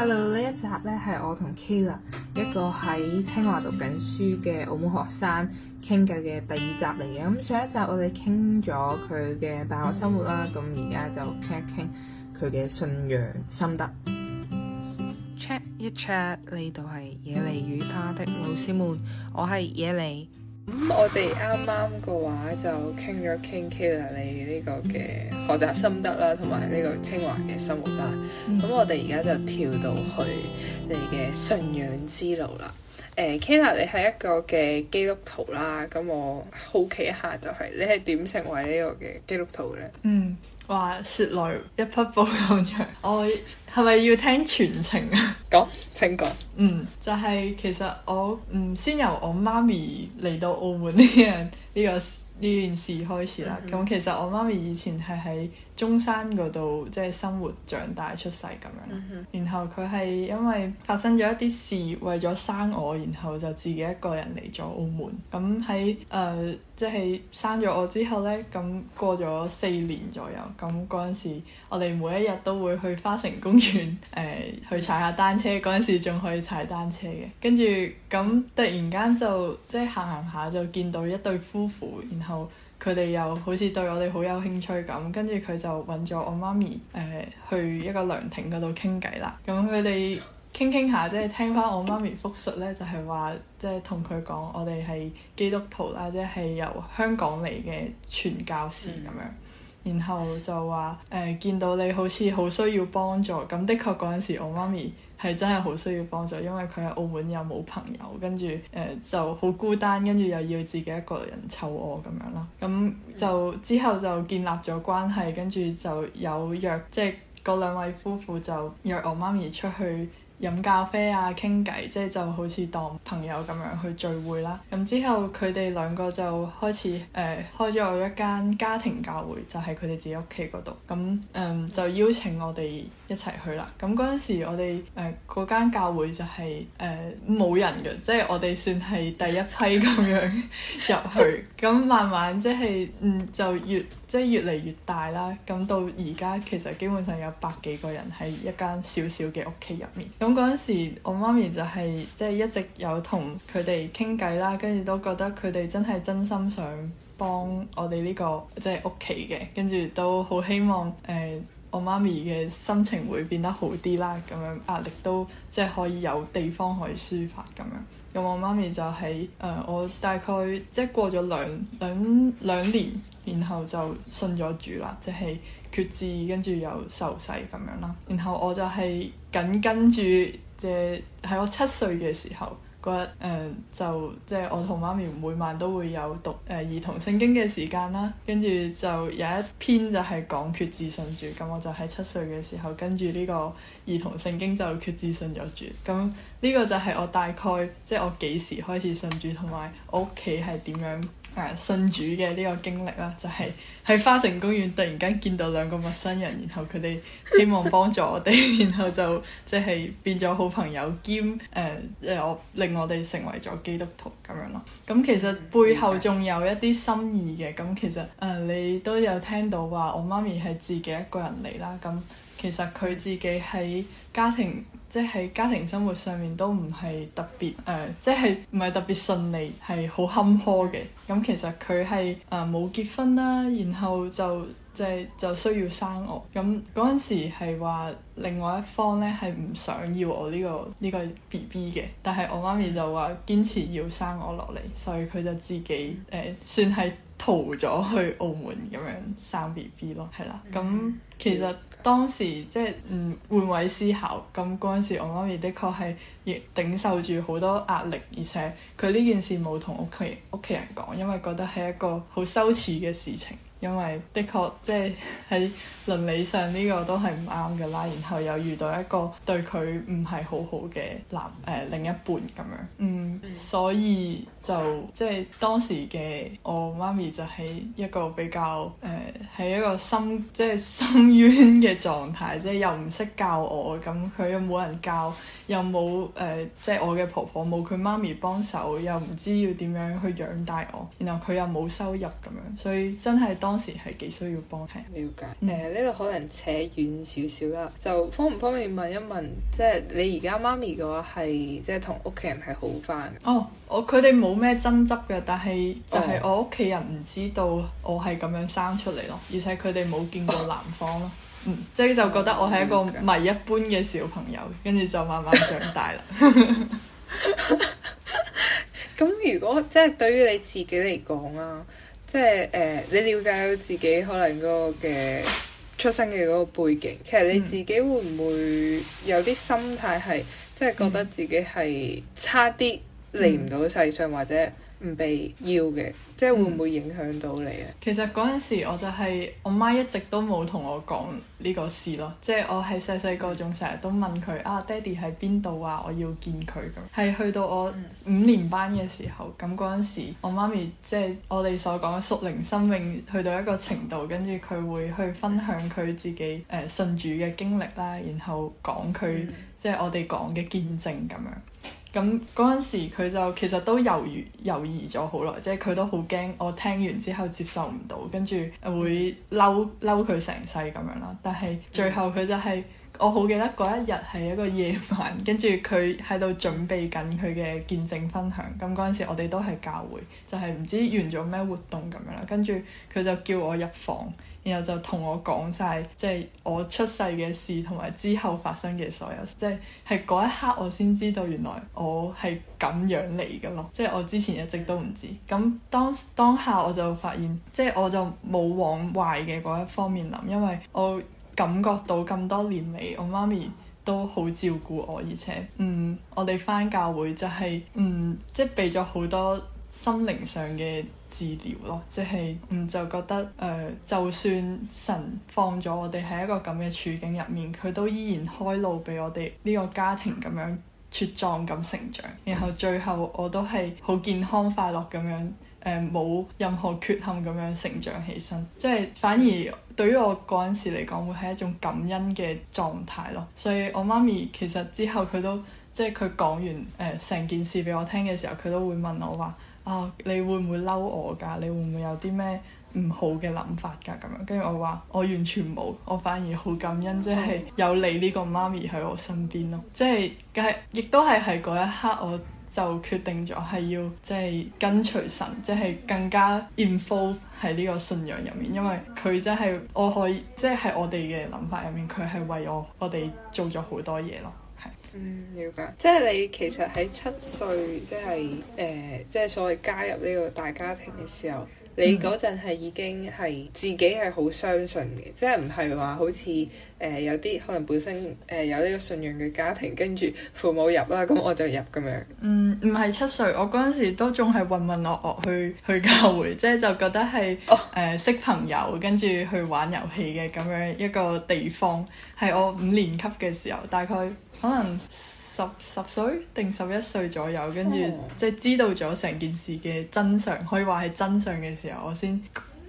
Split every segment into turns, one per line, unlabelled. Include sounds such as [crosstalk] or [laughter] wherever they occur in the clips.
hello 呢一集咧係我同 Kayla 一個喺清華讀緊書嘅澳門學生傾偈嘅第二集嚟嘅咁上一集我哋傾咗佢嘅大學生活啦咁而家就傾一傾佢嘅信仰心得。check 一 check 呢度係野梨與他的老師們，我係野梨。咁我哋啱啱嘅話就傾咗傾 Kayla 你呢個嘅學習心得啦，同埋呢個清華嘅生活啦。咁、嗯、我哋而家就跳到去你嘅信仰之路啦。誒、呃、Kayla 你係一個嘅基督徒啦。咁我好奇一下，就係你係點成為呢個嘅基督徒咧？嗯。
話說來一匹布咁長，我係咪要聽全程啊？講，請講、嗯就是。嗯，就係其實我嗯先由我媽咪嚟到澳門呢樣呢個呢件事開始啦。咁、mm hmm. 其實我媽咪以前係喺。中山嗰度即係生活長大出世咁樣，uh huh. 然後佢係因為發生咗一啲事，為咗生我，然後就自己一個人嚟咗澳門。咁喺誒即係生咗我之後呢，咁過咗四年左右，咁嗰陣時我哋每一日都會去花城公園誒、呃、去踩下單車，嗰陣時仲可以踩單車嘅。跟住咁突然間就即係行行下就見到一對夫婦，然後。佢哋又好似對我哋好有興趣咁，跟住佢就揾咗我媽咪誒、呃、去一個涼亭嗰度傾偈啦。咁佢哋傾傾下，即係聽翻我媽咪復述呢，就係、是、話即係同佢講我哋係基督徒啦，即係由香港嚟嘅傳教士咁、嗯、樣。然後就話誒、呃、見到你好似好需要幫助，咁的確嗰陣時我媽咪。係真係好需要幫助，因為佢喺澳門又冇朋友，跟住誒就好孤單，跟住又要自己一個人湊我。咁樣啦。咁就之後就建立咗關係，跟住就有約，即係嗰兩位夫婦就約我媽咪出去飲咖啡啊、傾偈，即係就好似當朋友咁樣去聚會啦。咁之後佢哋兩個就開始誒、呃、開咗一間家庭教會，就係佢哋自己屋企嗰度。咁誒、呃、就邀請我哋。一齊去啦！咁嗰陣時，我哋誒嗰間教會就係誒冇人嘅，即係我哋算係第一批咁樣 [laughs] 入去。咁慢慢即係嗯就越即係越嚟越大啦。咁到而家其實基本上有百幾個人喺一間小小嘅屋企入面。咁嗰陣時，我媽咪就係即係一直有同佢哋傾偈啦，跟住都覺得佢哋真係真心想幫我哋呢個即係屋企嘅，跟住都好希望誒。呃我媽咪嘅心情會變得好啲啦，咁樣壓力都即係可以有地方可以抒發咁樣。咁我媽咪就喺、是、誒、呃，我大概即係過咗兩兩兩年，然後就信咗主啦，即係決志，跟住又受洗咁樣啦。然後我就係緊跟住即係，喺我七歲嘅時候。嗰日誒就即係我同媽咪每晚都會有讀誒、呃、兒童聖經嘅時間啦，跟住就有一篇就係講決志信主，咁我就喺七歲嘅時候跟住呢個兒童聖經就決志信咗主，咁呢個就係我大概即係我幾時開始信主同埋我屋企係點樣。誒信主嘅呢個經歷啦，就係、是、喺花城公園突然間見到兩個陌生人，然後佢哋希望幫助我哋， [laughs] 然後就即係變咗好朋友兼誒誒我令我哋成為咗基督徒咁樣咯。咁其實背後仲有一啲心意嘅。咁其實誒、呃、你都有聽到話，我媽咪係自己一個人嚟啦。咁其實佢自己喺家庭。即係家庭生活上面都唔係特別誒，即係唔係特別順利，係好坎坷嘅。咁其實佢係誒冇結婚啦，然後就即係、即係、就需要生我。咁嗰陣時係話另外一方呢係唔想要我呢、呢個呢、呢個 B B 嘅，但係我媽咪就話堅持要生我落嚟，所以佢就自己誒、呃、算係逃咗去澳門咁樣生 B B 咯，係啦。咁其實。當時即係嗯換位思考，咁嗰陣時我媽咪的確係亦頂受住好多壓力，而且佢呢件事冇同屋企屋企人講，因為覺得係一個好羞恥嘅事情，因為的確即係喺，倫理上呢、這個都係唔啱嘅啦，然後又遇到一個對佢唔係好好嘅男誒、呃、另一半咁樣，嗯，所以就即係、就是、當時嘅我媽咪就喺一個比較誒喺、呃、一個深即係深淵嘅狀態，即係又唔識教我，咁佢又冇人教，又冇誒即係我嘅婆婆冇佢媽咪幫手，又唔知要點樣去養大我，然後佢又冇收入咁樣，所以真係當時係幾需要幫手。了解，嗯呢個可能扯
遠少少啦，就方唔方便問一問，即係你而家媽咪嘅話係
即係同屋企人係好翻？哦，我佢哋冇咩爭執嘅，但係就係我屋企人唔知道我係咁樣生出嚟咯，哦、而且佢哋冇見過男方咯，哦、嗯，即係就覺得我係一個迷一般嘅小朋友，跟住 [laughs] 就慢慢長大啦。
咁 [laughs] [laughs] [laughs] 如果即係對於你自己嚟講啊，即係誒、呃，你了解到自己可能嗰個嘅。出生嘅嗰個背景，其實你自己會唔會有啲心態係，嗯、即係覺得自己係差啲嚟唔到世上，嗯、或者唔被要嘅？即係、嗯、會唔會影響到你啊？
其實嗰陣時，我就係、是、我媽一直都冇同我講呢個事咯。即係我係細細個仲成日都問佢啊，爹哋喺邊度啊？我要見佢咁。係去到我五年班嘅時候，咁嗰陣時，我媽咪即係我哋所講嘅屬靈生命去到一個程度，跟住佢會去分享佢自己誒、呃、信主嘅經歷啦，然後講佢、嗯、即係我哋講嘅見證咁樣。咁嗰陣時，佢就其實都猶豫猶豫咗好耐，即係佢都好驚我聽完之後接受唔到，跟住會嬲嬲佢成世咁樣啦。但係最後佢就係、是、我好記得嗰一日係一個夜晚，跟住佢喺度準備緊佢嘅見證分享。咁嗰陣時，我哋都係教會，就係、是、唔知完咗咩活動咁樣啦。跟住佢就叫我入房。然後就同我講晒，即係我出世嘅事，同埋之後發生嘅所有，即係係嗰一刻我先知道原來我係咁樣嚟嘅咯，即係我之前一直都唔知。咁當當下我就發現，即係我就冇往壞嘅嗰一方面諗，因為我感覺到咁多年嚟，我媽咪都好照顧我，而且嗯，我哋返教會就係嗯，即係畀咗好多心靈上嘅。治療咯，即係唔、嗯、就覺得誒、呃，就算神放咗我哋喺一個咁嘅處境入面，佢都依然開路俾我哋呢個家庭咁樣茁壯咁成長，然後最後我都係好健康快樂咁樣誒，冇、呃、任何缺陷咁樣成長起身，即係反而對於我嗰陣時嚟講，會係一種感恩嘅狀態咯。所以我媽咪其實之後佢都即係佢講完誒成、呃、件事俾我聽嘅時候，佢都會問我話。啊、哦！你會唔會嬲我㗎？你會唔會有啲咩唔好嘅諗法㗎？咁樣跟住我話，我完全冇，我反而好感恩，即係有你呢個媽咪喺我身邊咯。即係，亦都係，喺嗰一刻，我就決定咗係要即係跟隨神，即係更加 involve 喺呢個信仰入面，因為佢真係，我可以，即係喺我哋嘅諗法入面，佢係為我我哋做咗好多嘢咯。嗯，了解，即係你其
實喺七歲，即係，誒、呃，即係所謂加入呢個大家庭嘅時候。你嗰陣係已經係自己係好相信嘅，即係唔係話好似誒、呃、有啲可能本身誒、呃、有呢個信仰嘅家庭，跟住父母入啦，咁我就
入咁樣。嗯，唔係七歲，我嗰陣時都仲係渾渾噩噩去去教會，即係就覺得係誒、呃、識朋友，跟住去玩遊戲嘅咁樣一個地方。係我五年級嘅時候，大概可能。十十歲定十一歲左右，跟住即係知道咗成件事嘅真相，可以話係真相嘅時候，我先，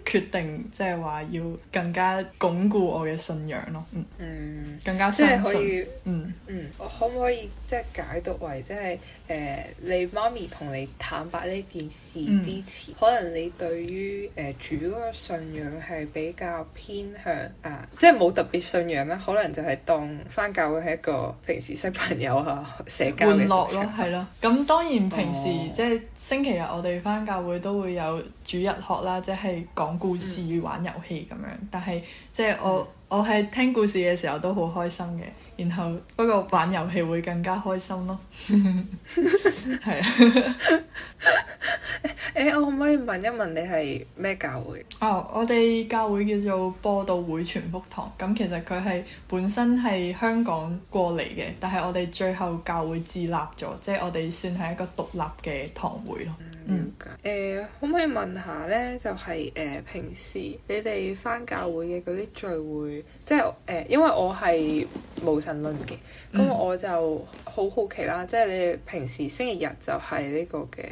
決定即係話要更加鞏固我嘅信仰咯，嗯，嗯更加相
信，即可以嗯嗯。我可唔可以即係解讀為即係誒你媽咪同你坦白呢件事之前，嗯、可能你對於誒、呃、主嗰個信仰係比較偏向啊，即係冇特別信仰啦，可能就係當翻教會係一個平時識朋友嚇、啊、社交嘅。玩樂咯，係
咯。咁 [laughs] 當然平時即係星期日我哋翻教會都會有。主日學啦，即係講故事、玩遊戲咁樣。嗯、但係即係我、嗯、我係聽故事嘅時候都好開心嘅。然後不過玩遊戲會更加開心咯。係啊。誒，我可唔可以問一問你係咩教會？哦，oh, 我哋教會叫做播道會全福堂。咁其實佢係本身係香港過嚟嘅，但係我哋最後教會自立咗，即係我哋算係一個獨立嘅堂會咯。嗯誒，嗯嗯、可唔可以問下咧？
就係、是、誒、呃，平時你哋翻教會嘅嗰啲聚會，即係誒、呃，因為我係無神論嘅，咁、嗯、我就好好奇啦。即係你哋平時星期日就係呢個嘅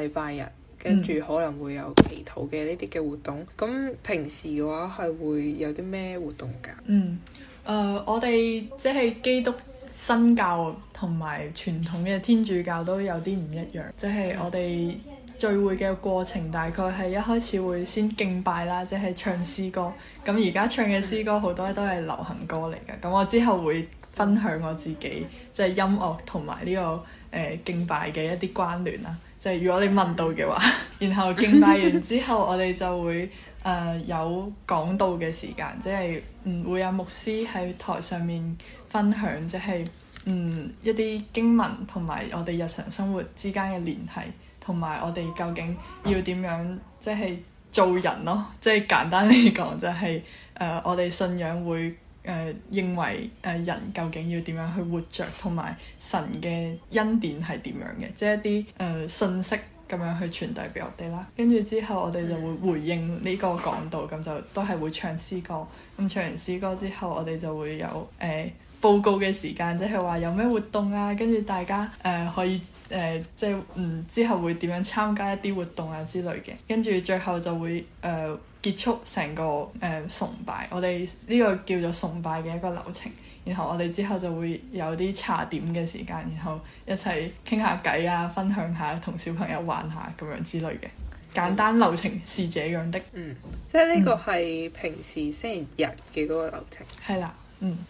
禮拜日，跟住可能會有祈禱嘅呢啲嘅活動。咁、嗯、平時嘅話係會有啲咩活動噶？
嗯，誒、呃，我哋即係基督新教同埋傳統嘅天主教都有啲唔一樣，即、就、係、是、我哋。聚會嘅過程大概係一開始會先敬拜啦，即係唱詩歌。咁而家唱嘅詩歌好多都係流行歌嚟嘅。咁我之後會分享我自己即係音樂同埋呢個誒敬拜嘅一啲關聯啦。即係如果你問到嘅話，然後敬拜完之後，我哋就會誒有講道嘅時間，即係嗯會有牧師喺台上面分享，即係嗯一啲經文同埋我哋日常生活之間嘅聯繫，同埋我哋究竟要點樣即係做人咯？即係簡單嚟講，就係、是、誒、呃、我哋信仰會誒、呃、認為誒、呃、人究竟要點樣去活著，同埋神嘅恩典係點樣嘅？即係一啲誒、呃、信息咁樣去傳遞俾我哋啦。跟住之後，我哋就會回應呢個講道，咁就都係會唱詩歌。咁唱完詩歌之後，我哋就會有誒、呃、報告嘅時間，即係話有咩活動啊？跟住大家誒、呃、可以。誒、呃、即係嗯，之後會點樣參加一啲活動啊之類嘅，跟住最後就會誒、呃、結束成個誒、呃、崇拜。我哋呢個叫做崇拜嘅一個流程，然後我哋之後就會有啲茶點嘅時間，然後一齊傾下偈啊，分享下、同小朋友玩下咁樣之類嘅。簡單流程是這樣的。嗯，
即係呢個係平時星期日嘅嗰個流程。係、嗯、啦。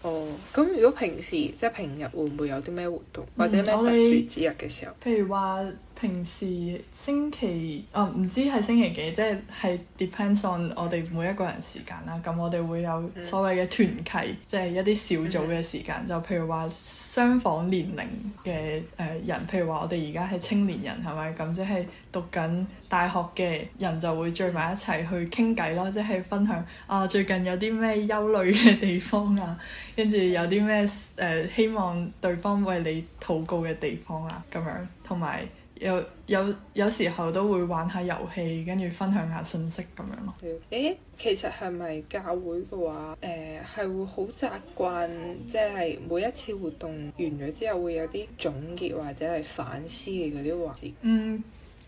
哦，咁、嗯 oh，如果平時即係平日會唔會有啲咩活動，或者咩特殊節日
嘅時候？嗯、譬如話。平時星期啊，唔、哦、知係星期幾，即係係 depends on 我哋每一個人時間啦。咁我哋會有所謂嘅團契，即係一啲小組嘅時間。就譬如話相仿年齡嘅誒人，譬如話我哋而家係青年人，係咪咁？即係讀緊大學嘅人就會聚埋一齊去傾偈咯，即係分享啊、哦、最近有啲咩憂慮嘅地方啊，跟住有啲咩誒希望對方為你禱告嘅地方啦、啊，咁樣同埋。有有有時候都會玩下遊戲，跟住分享下信息咁樣咯。
誒，其實係咪教會嘅話，誒係會好習慣，即係每一次活動完咗之後會有啲總結或者係
反思嘅嗰啲環節。嗯。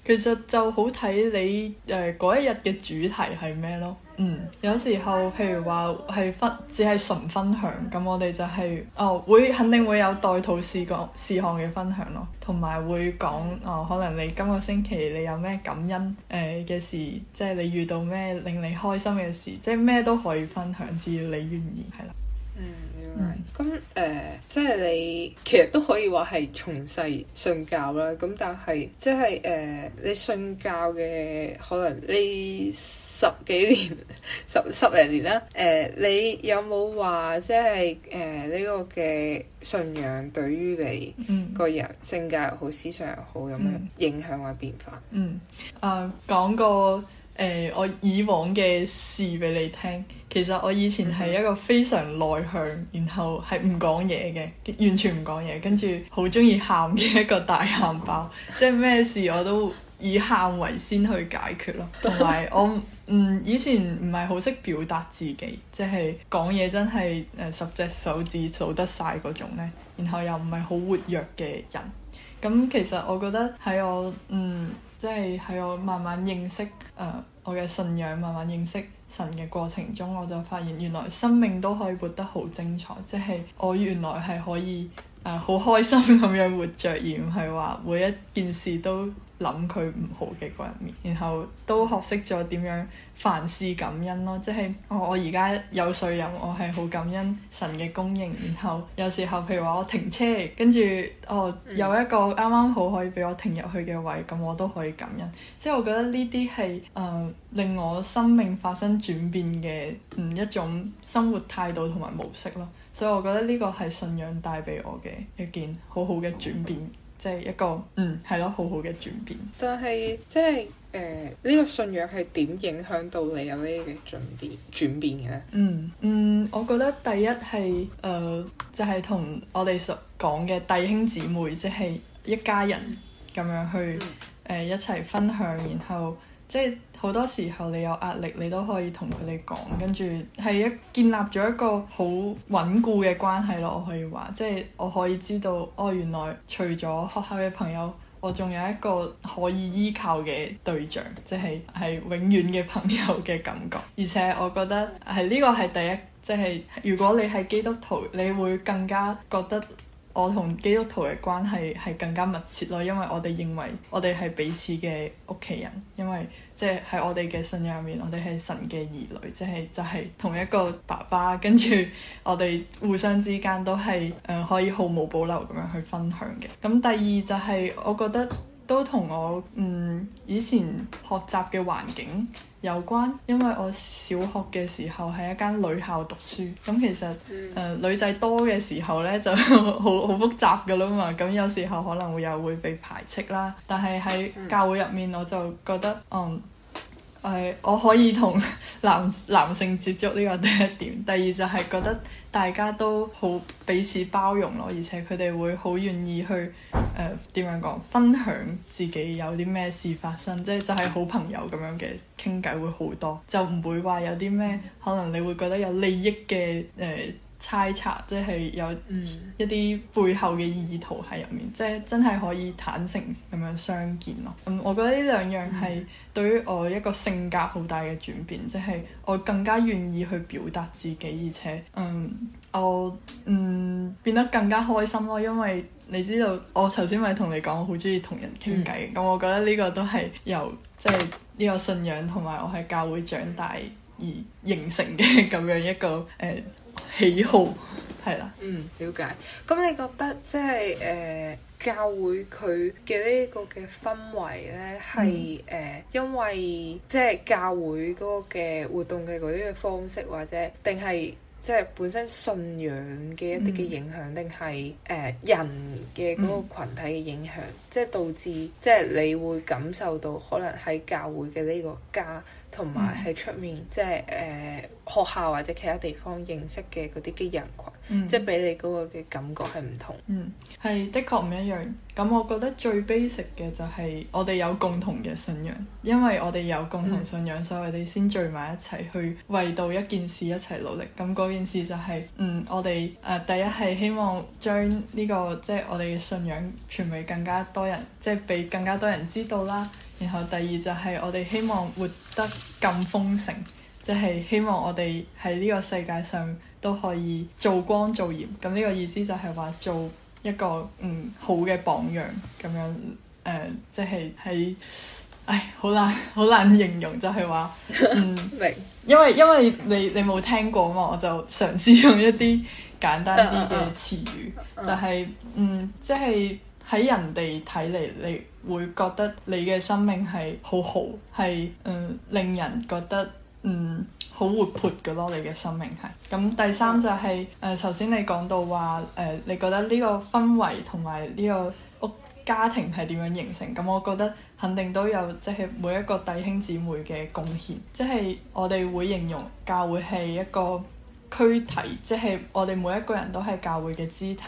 其實就好睇你誒嗰、呃、一日嘅主題係咩咯，嗯，有時候譬如話係分只係純分享，咁我哋就係、是、哦會肯定會有代禱事項嘅分享咯，同埋會講哦可能你今個星期你有咩感恩誒嘅、呃、事，即係你遇到咩令你開心嘅事，即係咩都可以分享，只要你願意係啦，嗯。
咁誒、嗯呃，即係你其實都可以話係從細信教啦。咁但係即係誒、呃，你信教嘅可能呢十幾年、十十零年啦。誒、呃，你有冇話即係誒呢個嘅信仰對於你個人、嗯、性格又好、
思想又好有咩影響或者變化？嗯，啊講個。呃講過誒、呃，我以往嘅事俾你聽。其實我以前係一個非常內向，然後係唔講嘢嘅，完全唔講嘢，跟住好中意喊嘅一個大喊包。即係咩事我都以喊為先去解決咯。同埋我，嗯，以前唔係好識表達自己，即係講嘢真係誒十隻手指數得晒嗰種咧。然後又唔係好活躍嘅人。咁其實我覺得喺我，嗯。即係喺我慢慢認識誒、呃、我嘅信仰，慢慢認識神嘅過程中，我就發現原來生命都可以活得好精彩。即係我原來係可以誒好、呃、開心咁 [laughs] 樣活着，而唔係話每一件事都。諗佢唔好嘅嗰一面，然後都學識咗點樣凡事感恩咯，即係、哦、我而家有水飲，我係好感恩神嘅供應。然後有時候譬如話我停車，跟住我有一個啱啱好可以俾我停入去嘅位，咁我都可以感恩。即係我覺得呢啲係誒令我生命發生轉變嘅嗯一種生活態度同埋模式咯。所以我覺得呢個係信仰帶俾我嘅一件好好嘅轉變。Okay. 即係一個嗯係咯，好好嘅轉變。
就係即係誒呢個信仰係點影響到你有呢啲嘅轉變
轉變嘅咧？嗯嗯，我覺得第一係誒、呃、就係、是、同我哋所講嘅弟兄姊妹，即、就、係、是、一家人咁樣去誒、嗯呃、一齊分享，然後即係。好多時候你有壓力，你都可以同佢哋講，跟住係一建立咗一個好穩固嘅關係咯。我可以話，即係我可以知道，哦，原來除咗學校嘅朋友，我仲有一個可以依靠嘅對象，即係係永遠嘅朋友嘅感覺。而且我覺得係呢個係第一，即係如果你係基督徒，你會更加覺得。我同基督徒嘅關係係更加密切咯，因為我哋認為我哋係彼此嘅屋企人，因為即係喺我哋嘅信仰入面，我哋係神嘅兒女，即係就係、係、同一個爸爸，跟住我哋互相之間都係誒、嗯、可以毫無保留咁樣去分享嘅。咁第二就係我覺得。都同我嗯以前學習嘅環境有關，因為我小學嘅時候喺一間女校讀書，咁其實誒、呃、女仔多嘅時候呢，就好好複雜噶啦嘛，咁有時候可能會又會被排斥啦，但係喺教會入面我就覺得嗯。哎、我可以同男男性接觸呢個第一點，第二就係覺得大家都好彼此包容咯，而且佢哋會好願意去誒點、呃、樣講分享自己有啲咩事發生，即係就係好朋友咁樣嘅傾偈會好多，就唔會話有啲咩可能你會覺得有利益嘅誒。呃猜測即係有一啲背後嘅意圖喺入面，嗯、即係真係可以坦誠咁樣相見咯。嗯，我覺得呢兩樣係對於我一個性格好大嘅轉變，嗯、即係我更加願意去表達自己，而且嗯，我嗯變得更加開心咯。因為你知道我你，我頭先咪同你講，我好中意同人傾偈。咁我覺得呢個都係由即係呢個信仰同埋我喺教會長大而形成嘅咁樣一個誒。呃喜好係啦， [laughs] 了嗯，了解。
咁你覺得即係誒教會佢嘅呢個嘅氛圍呢，係誒、嗯呃、因為即係教會嗰個嘅活動嘅嗰啲嘅方式，或者定係即係本身信仰嘅一啲嘅影響，定係誒人嘅嗰個羣體嘅影響，嗯、即係導致即係你會感受到可能喺教會嘅呢個家，同埋喺出面，嗯、即係誒、呃、學校或者其他地方認識嘅嗰啲嘅人群，
嗯、即係俾你嗰個嘅感覺係唔同，係、嗯、的確唔一樣。咁我覺得最 basic 嘅就係我哋有共同嘅信仰，因為我哋有共同信仰，嗯、所以我哋先聚埋一齊去為到一件事一齊努力。咁嗰件事就係、是，嗯，我哋誒、呃、第一係希望將呢、這個即係、就是、我哋嘅信仰傳俾更加多人，即係俾更加多人知道啦。然後第二就係我哋希望活得咁豐盛，即係希望我哋喺呢個世界上都可以做光做鹽。咁呢個意思就係話做一個嗯好嘅榜樣咁樣誒，即係喺，唉，好難好難形容，就係話嗯 [laughs] 明白因，因為因為你你冇聽過嘛，我就嘗試用一啲簡單啲嘅詞語，就係嗯即係。就是嗯就是喺人哋睇嚟，你會覺得你嘅生命係好好，係誒、呃、令人覺得嗯好活潑㗎囉。你嘅生命係咁。第三就係誒頭先你講到話誒、呃，你覺得呢個氛圍同埋呢個屋家庭係點樣形成？咁我覺得肯定都有即係、就是、每一個弟兄姊妹嘅貢獻，即、就、係、是、我哋會形容教會係一個。軀體，即係我哋每一個人都係教會嘅肢體，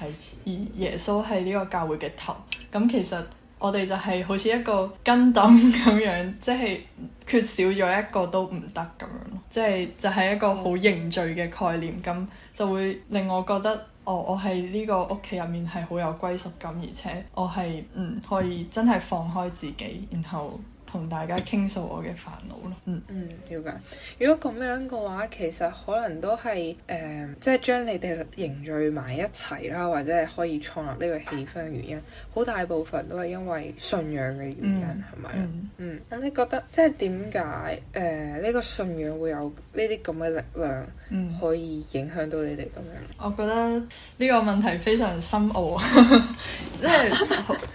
而耶穌係呢個教會嘅頭。咁其實我哋就係好似一個筋斗咁樣，即係缺少咗一個都唔得咁樣囉。即係就係一個好凝聚嘅概念，咁就會令我覺得，哦、我我係呢個屋企入面係好有歸屬感，而且我係唔、嗯、可以真係放開自己，然後。同大家傾訴我嘅煩惱咯，嗯，
嗯，了解。如果咁樣嘅話，其實可能都係誒，即係將你哋凝聚埋一齊啦，或者係可以創立呢個氣氛嘅原因，好大部分都係因為信仰嘅原因，係咪啊？嗯，咁嗎、嗯嗯、你覺得即係點解誒呢個信仰會有呢啲咁嘅力量，可以影響到你哋咁樣、嗯？
我覺得呢個問題非常深奧， [laughs] [laughs] [laughs] 因為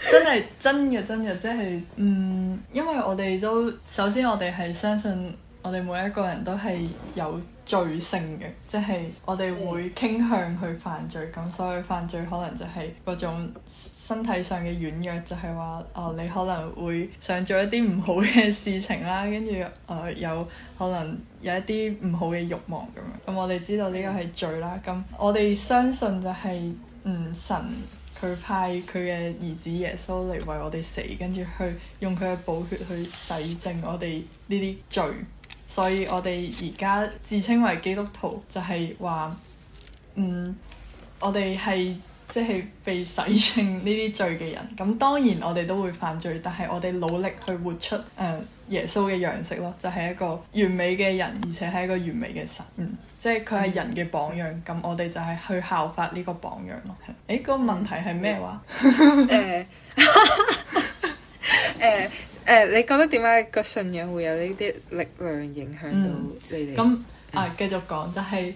真係真嘅真嘅，即係嗯，因為我。我哋都首先，我哋係相信我哋每一個人都係有罪性嘅，即係我哋會傾向去犯罪。咁所謂犯罪可能就係嗰種身體上嘅軟弱，就係話哦，你可能會想做一啲唔好嘅事情啦，跟住誒有可能有一啲唔好嘅慾望咁樣。咁我哋知道呢個係罪啦。咁我哋相信就係嗯神。佢派佢嘅兒子耶穌嚟為我哋死，跟住去用佢嘅寶血去洗淨我哋呢啲罪，所以我哋而家自稱為基督徒，就係話，嗯，我哋係。即係被洗清呢啲罪嘅人，咁當然我哋都會犯罪，但係我哋努力去活出誒、呃、耶穌嘅樣式咯，就係、是、一個完美嘅人，而且係一個完美嘅神，嗯、即係佢係人嘅榜樣，咁、嗯、我哋就係去效法呢個榜樣咯。誒、欸，個問題係咩話？誒誒
誒，你覺得點解個信仰會有呢啲力量影
響到你哋？咁啊、嗯呃，繼續講就係、是。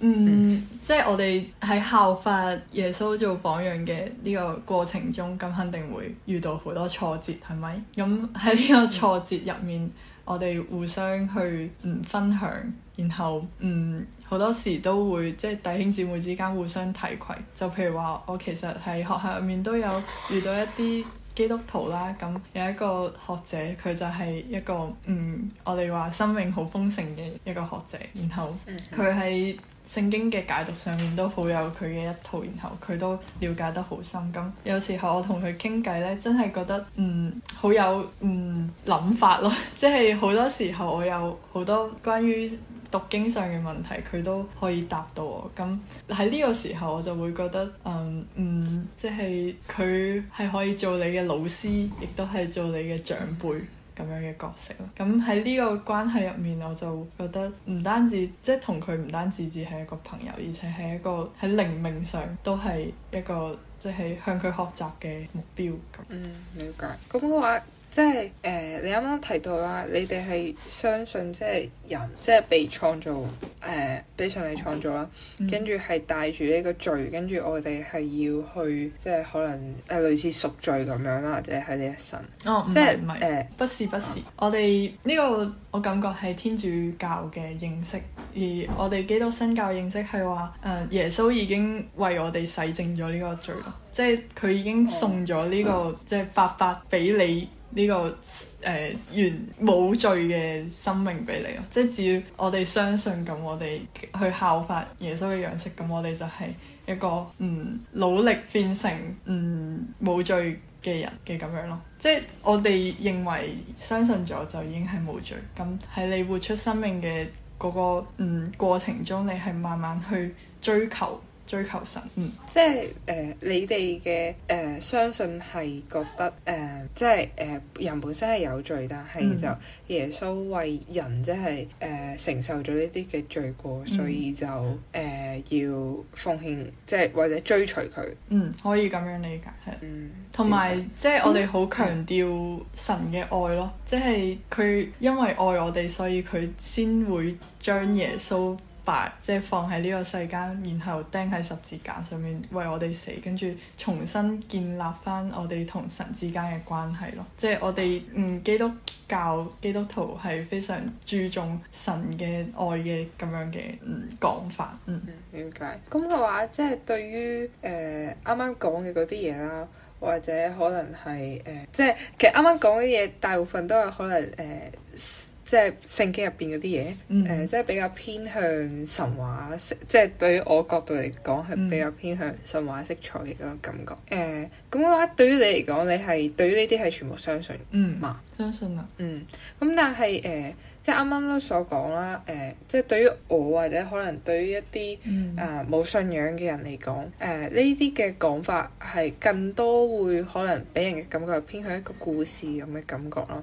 嗯，即係我哋喺效法耶穌做榜樣嘅呢個過程中，咁肯定會遇到好多挫折，係咪？咁喺呢個挫折入面，嗯、我哋互相去嗯分享，然後嗯好多時都會即係弟兄姊妹之間互相提攜，就譬如話，我其實喺學校入面都有遇到一啲基督徒啦，咁有一個學者，佢就係一個嗯我哋話生命好豐盛嘅一個學者，然後佢喺聖經嘅解讀上面都好有佢嘅一套，然後佢都瞭解得好深。咁有時候我同佢傾偈呢，真係覺得嗯好有嗯諗法咯。即係好多時候我有好多關於讀經上嘅問題，佢都可以答到我。咁喺呢個時候我就會覺得嗯嗯，即係佢係可以做你嘅老師，亦都係做你嘅長輩。咁樣嘅角色咯，咁喺呢個關係入面，我就覺得唔單止即係同佢唔單止只係一個朋友，而且係一個喺靈命上都係一個即係向佢學習嘅目標咁。嗯，了解。
咁嘅話。即係誒、呃，你啱啱提到啦，你哋係相信即係人即係被創造誒、呃，被上帝創造啦，跟住係帶住呢個罪，跟住我哋係要去即係可能誒類似贖罪咁樣啦，或者喺呢一神，即係唔係誒
不是、oh, 不是。我哋呢、呢個我感覺係天主教嘅認識，而我哋基督新教認識係話誒耶穌已經為我哋洗淨咗呢個罪咯，即係佢已經送咗呢、呢個即係白白俾你。呢、這個誒原、呃、無罪嘅生命俾你咯，即係只要我哋相信咁，我哋去效法耶穌嘅樣式，咁我哋就係一個嗯努力變成嗯無罪嘅人嘅咁樣咯。即係我哋認為相信咗就已經係無罪。咁喺你活出生命嘅嗰、那個嗯過程中，你係慢慢去追求。追求神，嗯，即係誒、呃，
你哋嘅、誒，相信係覺得誒、呃，即係誒、呃，人本身係有罪，但係就耶穌為人、就是，即係誒，承受咗呢啲嘅罪過，所以就誒、嗯呃、要奉
獻，即係或者追隨佢。嗯，可以咁樣理解，係，嗯，同埋有的即係我哋好強調神嘅愛咯，即係佢因為愛我哋，所以佢先會將耶穌。即係放喺呢個世間，然後釘喺十字架上面為我哋死，跟住重新建立翻我哋同神之間嘅關係咯。即係我哋嗯基督教基督徒係非常注重神嘅愛嘅咁樣嘅嗯講法，嗯嗯點解？
咁嘅話，即係對於誒啱啱講嘅嗰啲嘢，啦，或者可能係誒、呃，即係其實啱啱講嘅嘢大部分都係可能誒。呃即係聖經入邊嗰啲嘢，誒、嗯呃、即係比較偏向神話色，即係對於我角度嚟講係比較偏向神話色彩嘅嗰個感覺。誒咁嘅話，呃、對於你嚟講，你係對於呢啲係全部相信，嘛、嗯？嗎相信啊。嗯。咁但係誒、呃，即係啱啱都所講啦。誒、呃，即係對於我或者可能對於一啲啊冇信仰嘅人嚟講，誒呢啲嘅講法係更多會可能俾人嘅感覺係偏向一個故事咁嘅感覺咯。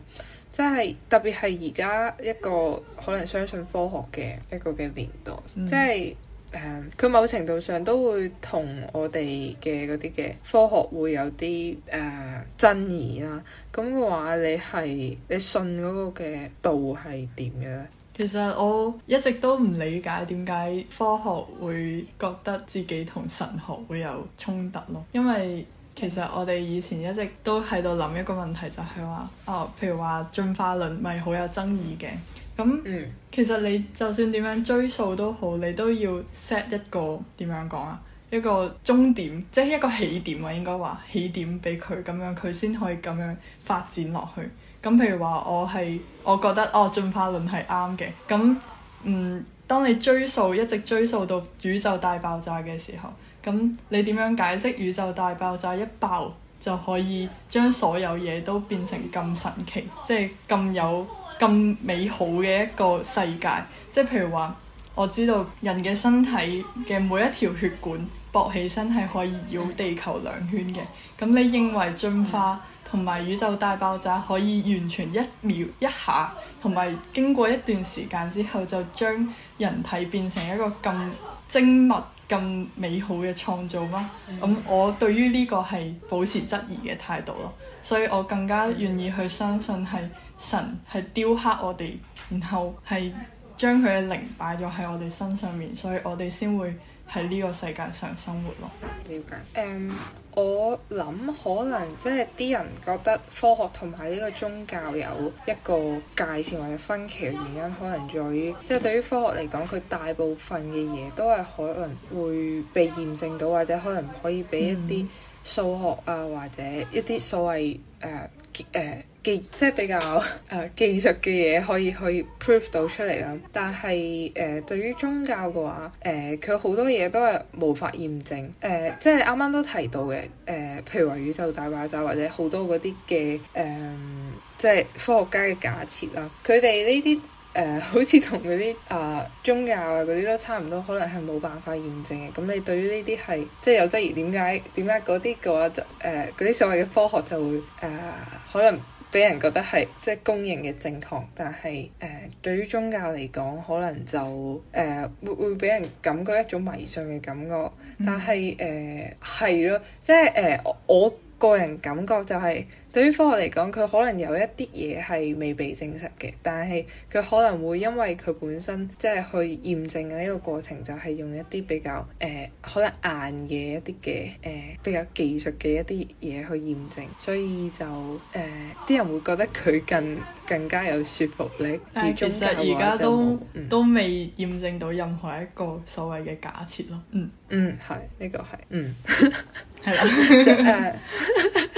即係特別係而家一個可能相信科學嘅一個嘅年代，嗯、即係誒佢某程度上都會同我哋嘅嗰啲嘅科學會有啲誒、呃、爭議
啦、啊。咁嘅話你，你係你信嗰個嘅
道係點嘅咧？
其實我一直都唔理解點解科學會覺得自己同神學會有衝突咯，因為，其實我哋以前一直都喺度諗一個問題，就係話，哦，譬如話進化論咪好有爭議嘅。咁，嗯、其實你就算點樣追溯都好，你都要 set 一個點樣講啊，一個終點，即係一個起點啊，應該話起點，俾佢咁樣，佢先可以咁樣發展落去。咁譬如話我係，我覺得哦進化論係啱嘅。咁，嗯，當你追溯一直追溯到宇宙大爆炸嘅時候。咁你點樣解釋宇宙大爆炸一爆就可以將所有嘢都變成咁神奇，即係咁有咁 [noise] 美好嘅一個世界？即係 [noise] 譬如話，我知道人嘅身體嘅每一條血管駁起身係可以繞地球兩圈嘅。咁你認為進化同埋宇宙大爆炸可以完全一秒一下，同埋經過一段時間之後就將人體變成一個咁精密，咁美好嘅創造嗎？咁我對於呢個係保持質疑嘅態度咯，所以我更加願意去相信係神係雕刻我哋，然後係將佢嘅靈擺咗喺我哋身上面，所以我哋先會喺呢個世界上生活咯，瞭解。誒、
um,，我諗可能即係啲人覺得科學同埋呢個宗教有一個界線或者分歧嘅原因，可能在於即係對於科學嚟講，佢大部分嘅嘢都係可能會被驗證到，或者可能可以俾一啲數學啊，mm hmm. 或者一啲所謂誒誒。Uh, uh, 技即係比較誒、呃、技術嘅嘢可以去 prove 到出嚟啦，但係誒、呃、對於宗教嘅話，誒佢好多嘢都係無法驗證，誒、呃、即係啱啱都提到嘅，誒、呃、譬如話宇宙大爆炸或者好多嗰啲嘅誒即係科學家嘅假設啦，佢哋呢啲誒好似同嗰啲啊宗教啊嗰啲都差唔多，可能係冇辦法驗證嘅。咁你對於呢啲係即係有質疑，點解點解嗰啲嘅話就誒嗰啲所謂嘅科學就會誒、呃、可能俾人覺得係即係公認嘅正確，但係誒、呃、對於宗教嚟講，可能就誒、呃、會會俾人感覺一種迷信嘅感覺。嗯、但係誒係咯，即係誒、呃、我個人感覺就係、是。對於科學嚟講，佢可能有一啲嘢係未被證實嘅，但係佢可能會因為佢本身即係去驗證嘅呢個過程，就係、係、用一啲比較誒、呃、可能硬嘅一啲嘅誒比較技術嘅一啲嘢去驗證，所以就誒啲、呃、人會覺得佢更更加有說服力。其、嗯、其實而家都
都未驗證到任何一個所謂嘅假設咯。嗯嗯，係呢、呢個係嗯係啦 [laughs] [laughs] [laughs]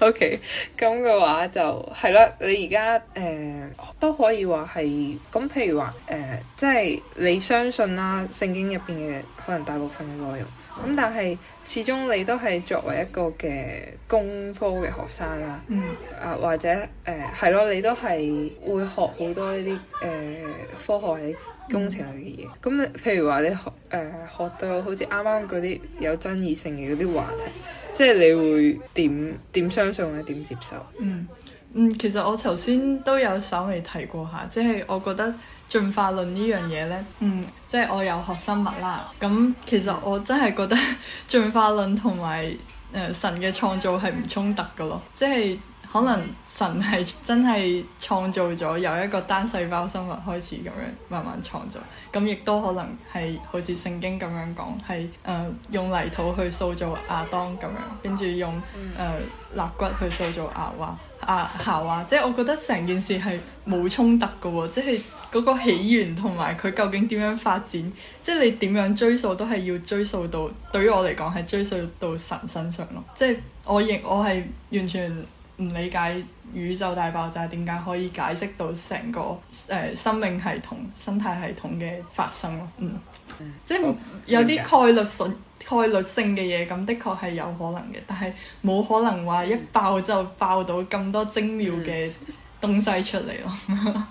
OK，
咁嘅話就係啦，你而家誒都可以話係咁，譬如話誒、呃，即係你相信啦，聖經入邊嘅可能大部分嘅內容，咁但係始終你都係作為一個嘅工科嘅學生啦，嗯、啊或者誒係咯，你都係會學好多呢啲誒科學喺工程類嘅嘢，咁你譬如話你學誒、呃、學到好似啱啱嗰啲有爭議性嘅嗰啲話題。即係你會點點相信咧？點接
受？嗯嗯，其實我頭先都有稍微提過下，即係我覺得進化論呢樣嘢呢，嗯，即係我有學生物啦。咁其實我真係覺得進化論同埋誒神嘅創造係唔衝突㗎囉，即係。可能神係真係創造咗由一個單細胞生物開始咁樣，慢慢創造咁，亦都可能係好似聖經咁樣講係誒用泥土去塑造亞當咁樣，跟住用誒肋、呃、骨去塑造亞娃亞夏娃。即、啊、係、就是、我覺得成件事係冇衝突噶喎，哦，即係嗰個起源同埋佢究竟點樣發展，即、就、係、是、你點樣追數都係要追溯到，對於我嚟講係追溯到神身上咯。即、就、係、是、我亦我係完全。唔理解宇宙大爆炸點解可以解釋到成個誒、呃、生命系統、生態系統嘅發生咯，嗯，即係是、哦、有啲概率概率性嘅嘢，咁的確係有可能嘅，但係冇可能話一爆就爆到咁多精妙嘅東西出嚟咯。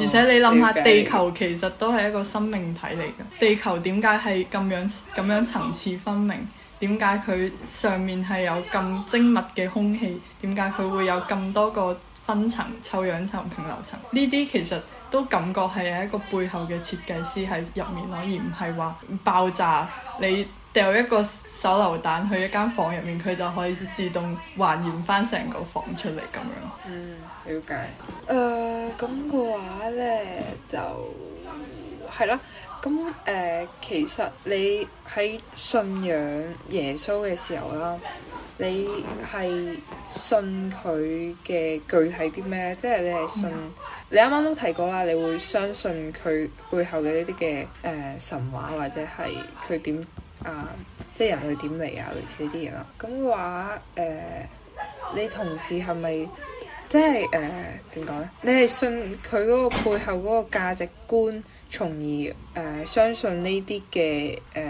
而且你諗下，哦、地球
其實都係一個生命體嚟嘅。嗯、地球點解係咁樣咁、嗯、樣層次分明？點解佢上面係有咁精密嘅空氣？點解佢會有咁多個分層、臭氧層、平流層？呢啲其實都感覺係一個背後嘅設計師喺入面咯，而唔係話爆炸你掉一個手榴彈去一間房入面，佢就可以自動還原翻成個房出嚟咁樣。嗯，了解。
誒、呃，咁嘅話咧，就係啦。咁誒、呃，其實你喺信仰耶穌嘅時候啦，你係信佢嘅具體啲咩？即係你係信，你啱啱都提過啦，你會相信佢背後嘅呢啲嘅誒神話，或者係佢點啊，即係人類點嚟啊，類似呢啲嘢啦。咁嘅話誒，你同事係咪即係誒點講咧？你係信佢嗰個背後嗰個價值觀？從而誒、呃、相信呢啲嘅誒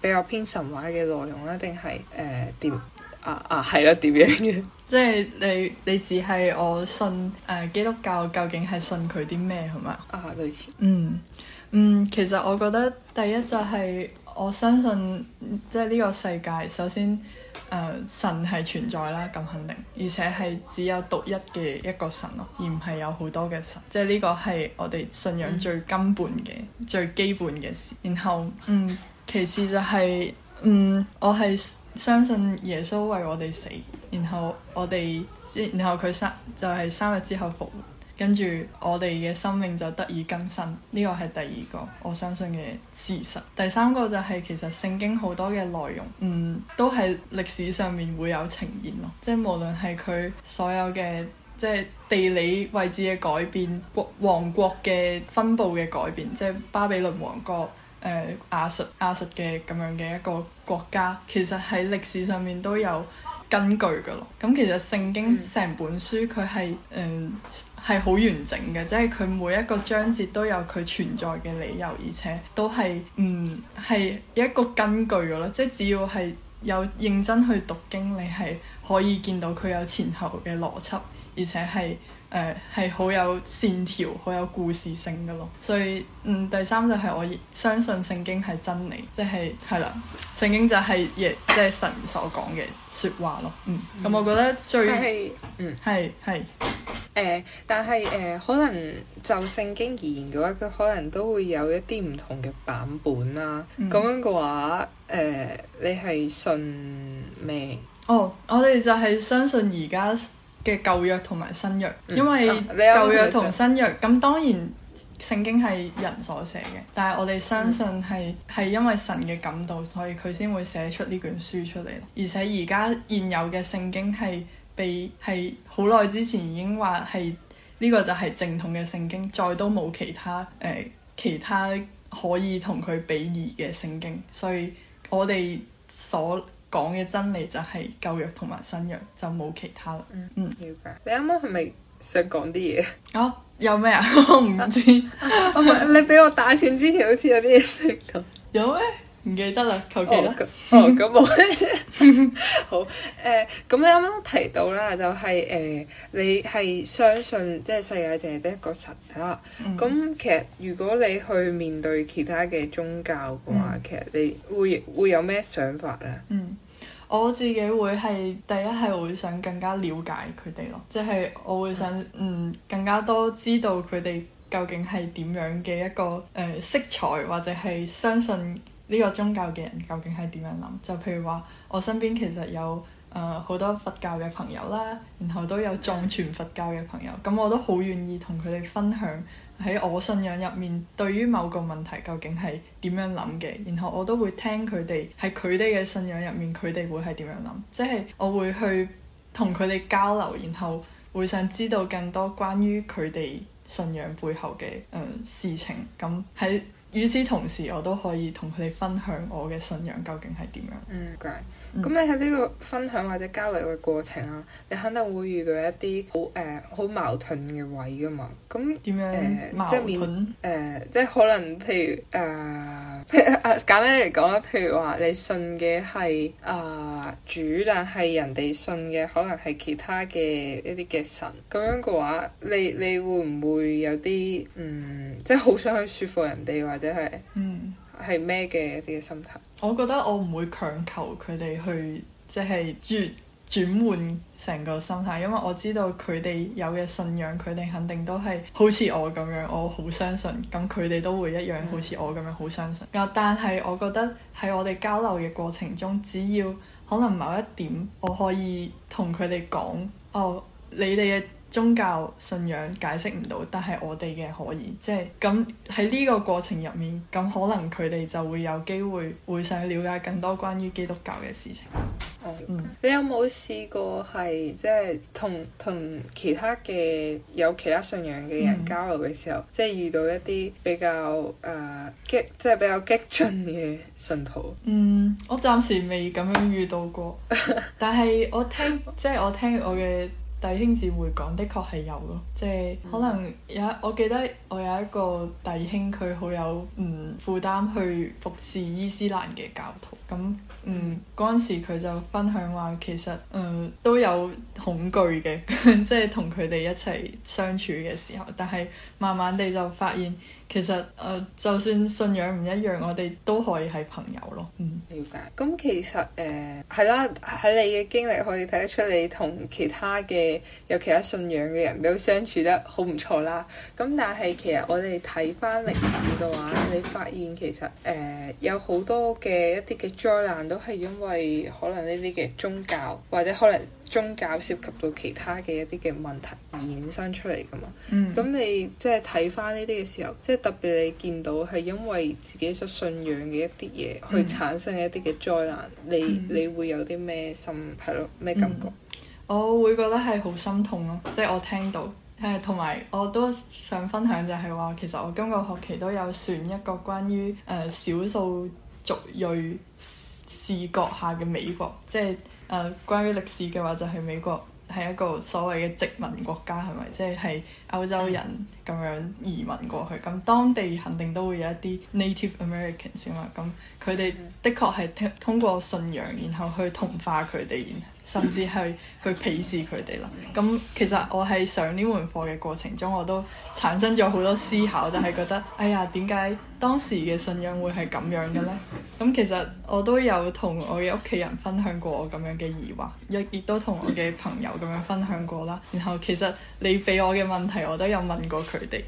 比
較偏神話嘅內容啦，定係誒
點啊啊係咯點樣嘅？
即係你你只係我信誒、呃、基督教，究竟係信佢啲咩係嘛？啊類似嗯，嗯，其實我覺得第一就係我相信即係呢個世界首先。誒、呃、神係存在啦，咁肯定，而且係只有獨一嘅一個神咯，而唔係有好多嘅神，即係呢個係我哋信仰最根本嘅、嗯、最基本嘅事。然後，嗯，其次就係、係，嗯，我係相信耶穌為我哋死，然後我哋，然後佢生就係三日之後復活。跟住我哋嘅生命就得以更新，呢個係第二個我相信嘅事實。第三個就係其實聖經好多嘅內容，嗯，都係歷史上面會有呈現咯。即係無論係佢所有嘅即係地理位置嘅改變，國王國嘅分布嘅改變，即係巴比倫王國、誒、呃、亞述亞述嘅咁樣嘅一個國家，其實喺歷史上面都有根據噶咯。咁其實聖經成本書佢係誒。嗯係好完整嘅，即係佢每一個章節都有佢存在嘅理由，而且都係唔係一個根據嘅咯。即係只要係有認真去讀經，你係可以見到佢有前後嘅邏輯，而且係。誒係好有線條，好有故事性嘅咯，所以嗯，第三就係我相信聖經係真理，即係係啦，聖經就係嘢，即係神所講嘅説話咯，嗯，咁、嗯嗯、我覺得最嗯係係
誒，但係誒、呃、可能就聖經而言嘅話，佢可能都會有一啲唔同嘅版本啦，咁、嗯、樣嘅話
誒、呃，你
係信咩？
哦，我哋就係相信而家。嘅舊約同埋新約，嗯、因為舊約同新約咁，嗯、當然聖經係人所寫嘅，但係我哋相信係係、嗯、因為神嘅感動，所以佢先會寫出呢卷書出嚟。而且而家現有嘅聖經係被係好耐之前已經話係呢個就係正統嘅聖經，再都冇其他誒、呃、其他可以同佢比擬嘅聖經，所以我哋所講嘅真理就係舊約同埋新約就冇其他啦。嗯，瞭解、嗯。你啱啱係咪想講啲嘢啊？有咩 [laughs] [laughs] 啊？我唔
知。你俾我打斷之前好，好似有啲嘢識？有咩？
唔記得啦，求其啦。哦，咁
[laughs] [laughs] 好。誒、呃，咁你啱啱提到啦，就係、是、誒、呃，你係相信即係世界淨係得一個神啦。咁其實如果你去面對其他嘅宗教嘅話，其實你會會有咩想法咧？嗯，
我自己會係第一係會想更加了解佢哋咯，即、就、係、是、我會想嗯，嗯更加多知道佢哋究竟係點樣嘅一個誒、呃、色彩或者係相信。呢個宗教嘅人究竟係點樣諗？就譬如話，我身邊其實有誒好多佛教嘅朋友啦，然後都有藏傳佛教嘅朋友，咁我都好願意同佢哋分享喺我信仰入面對於某個問題究竟係點樣諗嘅。然後我都會聽佢哋喺佢哋嘅信仰入面佢哋會係點樣諗，即係我會去同佢哋交流，然後會想知道更多關於佢哋信仰背後嘅誒事情。咁喺與此同時，我都可以同佢哋分享我嘅信仰究竟係點樣。
[noise] 咁、嗯、你喺呢個分享或者交流嘅過程啊，你肯定會遇到一啲好誒好矛盾嘅位㗎嘛？咁點樣、呃，即係面誒，即係可能譬如誒，誒簡單嚟講啦，譬如話、啊、你信嘅係誒主，但係人哋信嘅可能係其他嘅一啲嘅神，咁樣嘅話，你你會唔會有啲嗯，即係好想去説服人哋或者係嗯？係咩嘅一啲嘅心態？
我覺得我唔會強求佢哋去即係轉轉換成個心態，因為我知道佢哋有嘅信仰，佢哋肯定都係好似我咁樣，我好相信。咁佢哋都會一樣好似我咁樣好、mm. 相信。但係我覺得喺我哋交流嘅過程中，只要可能某一點我可以同佢哋講，哦，你哋嘅宗教信仰解釋唔到，但係我哋嘅可以，即係咁喺呢個過程入面，咁可能佢哋就會有機會，會想了解更多關於基督教嘅事情。嗯嗯、
你有冇試過係即係同同其他嘅有其他信仰嘅人交流嘅時候，嗯、即係遇到一啲比較誒、呃、激，即係比較激進嘅信徒？嗯，
我暫時未咁樣遇到過， [laughs] 但係我聽即係我聽我嘅。 [laughs] 弟兄姊妹講，的確係有咯，即係可能有，我記得我有一個弟兄佢好有嗯負擔去服侍伊斯蘭嘅教徒，咁嗯嗰陣、嗯、時佢就分享話其實誒、嗯、都有恐懼嘅， [laughs] 即係同佢哋一齊相處嘅時候，但係慢慢地就發現。其實誒、呃，就算信仰唔一樣，我哋都可以係朋友咯。嗯，瞭解。
咁其實誒係、呃、啦，喺你嘅經歷可以睇得出，你同其他嘅有其他信仰嘅人都相處得好唔錯啦。咁但係其實我哋睇返歷史嘅話，你發現其實誒、呃、有好多嘅一啲嘅災難都係因為可能呢啲嘅宗教或者可能。宗教涉及到其他嘅一啲嘅問題而衍生出嚟噶嘛？咁、嗯、你即係睇翻呢啲嘅時候，即係特別你見到係因為自己所信仰嘅一啲嘢去產生一啲嘅災難，嗯、你你會有啲咩心係咯咩感覺？
我會覺得係好心痛咯，即係我聽到，係同埋我都想分享就係話，其實我今個學期都有選一個關於誒少數族裔視角下嘅美國，即係。誒，uh, 關於歷史嘅話，就係、是、美國係一個所謂嘅殖民國家，係咪？即係係。歐洲人咁樣移民過去，咁當地肯定都會有一啲 Native Americans 嘛，咁佢哋的確係通過信仰，然後去同化佢哋，甚至係去，去鄙視佢哋啦。咁其實我係上呢門課嘅過程中，我都產生咗好多思考，就係、是、覺得，哎呀，點解當時嘅信仰會係咁樣嘅呢？咁其實我都有同我嘅屋企人分享過我咁樣嘅疑惑，亦亦都同我嘅朋友咁樣分享過啦。然後其實，你俾我嘅問題，我都有問過佢哋，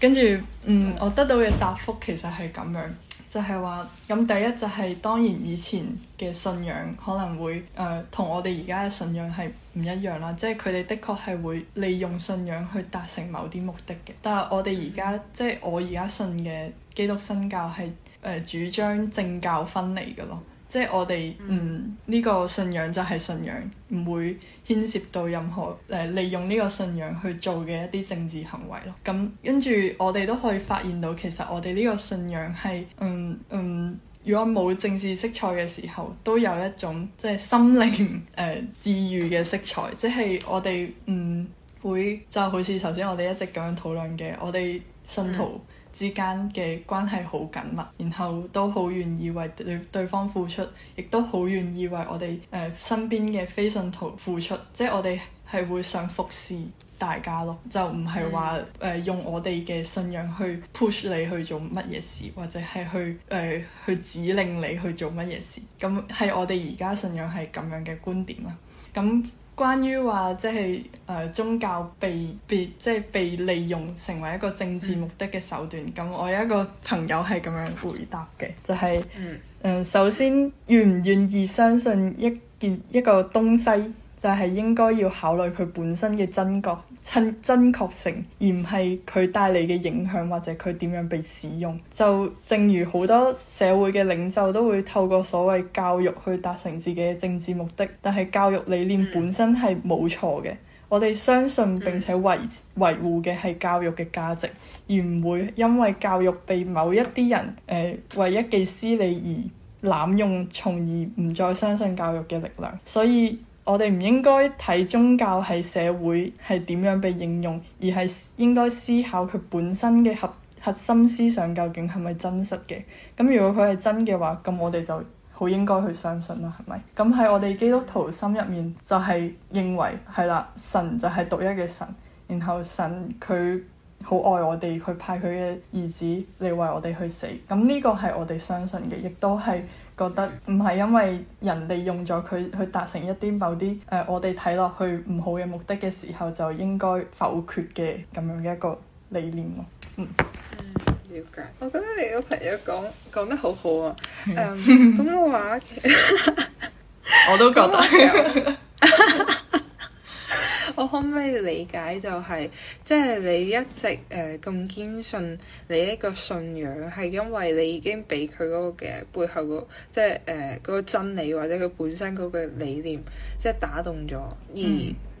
跟住，嗯，我得到嘅答覆其實係咁樣，就係、是、話，咁第一就係、是、當然以前嘅信仰可能會，誒、呃，同我哋而家嘅信仰係唔一樣啦，即係佢哋的確係會利用信仰去達成某啲目的嘅，但係我哋而家，即係我而家信嘅基督新教係誒、呃、主張政教分離嘅咯，即係我哋嗯呢、嗯這個信仰就係信仰，唔會，牽涉到任何誒、呃、利用呢個信仰去做嘅一啲政治行為咯，咁跟住我哋都可以發現到，其實我哋呢個信仰係嗯嗯，如果冇政治色彩嘅時候，都有一種即係心靈誒、呃、治癒嘅色彩，即係我哋唔會就好似頭先我哋一直咁樣討論嘅，我哋信徒嗯之間嘅關係好緊密，然後都好願意為對對方付出，亦都好願意為我哋誒、呃、身邊嘅非信徒付出，即係我哋係會想服侍大家咯，就唔係話誒用我哋嘅信仰去 push 你去做乜嘢事，或者係去誒、呃、去指令你去做乜嘢事，咁係我哋而家信仰係咁樣嘅觀點啦，咁。關於話即係誒、呃、宗教被別即係被利用成為一個政治目的嘅手段，咁、嗯、我有一個朋友係咁樣回答嘅，就係、是、誒、嗯呃、首先願唔願意相信一件一個東西，就係應該要考慮佢本身嘅真確、真真確性，而唔係佢帶嚟嘅影響或者佢點樣被使用。就正如好多社會嘅領袖都會透過所謂教育去達成自己嘅政治目的，但係教育理念本身係冇錯嘅。我哋相信並且維維護嘅係教育嘅價值，而唔會因為教育被某一啲人誒為、呃、一己私利而濫用，從而唔再相信教育嘅力量。所以我哋唔應該睇宗教係社會係點樣被應用，而係應該思考佢本身嘅核核心思想究竟係咪真實嘅？咁如果佢係真嘅話，咁我哋就好應該去相信啦，係咪？咁喺我哋基督徒心入面，就係認為係啦，神就係獨一嘅神，然後神佢好愛我哋，佢派佢嘅兒子嚟為我哋去死，咁呢個係我哋相信嘅，亦都係。覺得唔係因為人哋用咗佢去達成一啲某啲誒、呃，我哋睇落去唔好嘅目的嘅時候，就應該否決嘅咁樣嘅一個理念咯。嗯，瞭、嗯、解。
我覺得你個朋友講講得好好啊。誒、嗯、咁、uh, 我話，
我都覺得 [laughs] 只。 [laughs] [laughs]
[laughs] 我可唔可以理解就係、是，即係你一直誒咁堅信你一個信仰，係因為你已經俾佢嗰個嘅背後個，即係誒嗰個真理或者佢本身嗰個理念，即係打動咗。嗯、而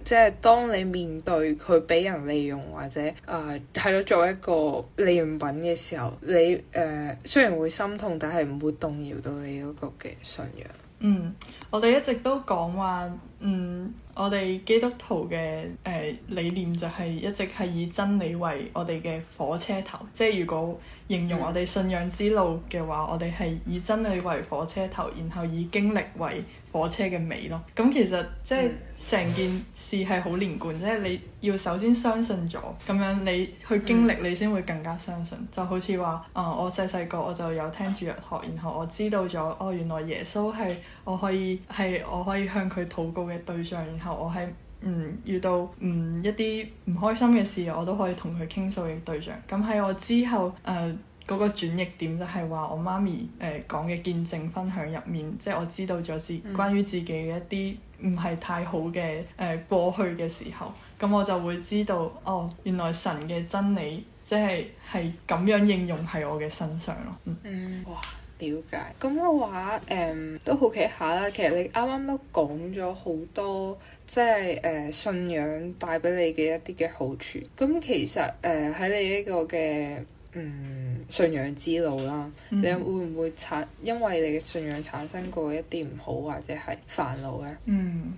即係當你面對佢俾人利用或者誒係咯作為一個利用品嘅時候，你誒、uh, 雖然會心痛，但係唔會動搖到你嗰個嘅信
仰。嗯，我哋一直都講話，嗯，我哋基督徒嘅誒、呃、理念就係一直係以真理為我哋嘅火車頭，即係如果形容我哋信仰之路嘅話，我哋係以真理為火車頭，然後以經歷為火車嘅尾咯，咁其實即係成件事係好連貫，即係你要首先相信咗，咁樣你去經歷，你先會更加相信。嗯、就好似話，誒、呃，我細細個我就有聽住日學，然後我知道咗，哦，原來耶穌係我可以係我可以向佢禱告嘅對象，然後我係嗯遇到嗯一啲唔開心嘅事，我都可以同佢傾訴嘅對象。咁喺我之後誒。呃嗰個轉譯點就係話，我媽咪誒、呃、講嘅見證分享入面，即、就、係、是、我知道咗自、嗯、關於自己嘅一啲唔係太好嘅誒、呃、過去嘅時候，咁我就會知道哦，原來神嘅真理即係係咁樣應用喺我嘅身上咯。嗯，
嗯哇，了解。咁嘅話誒、嗯，都好奇一下啦。其實你啱啱都講咗好多，即係誒信仰帶俾你嘅一啲嘅好處。咁其實誒喺、呃、你呢個嘅。嗯，信仰之路啦，嗯、你會唔會產因為你嘅信仰產生過一
啲唔好或者係
煩惱呢？嗯，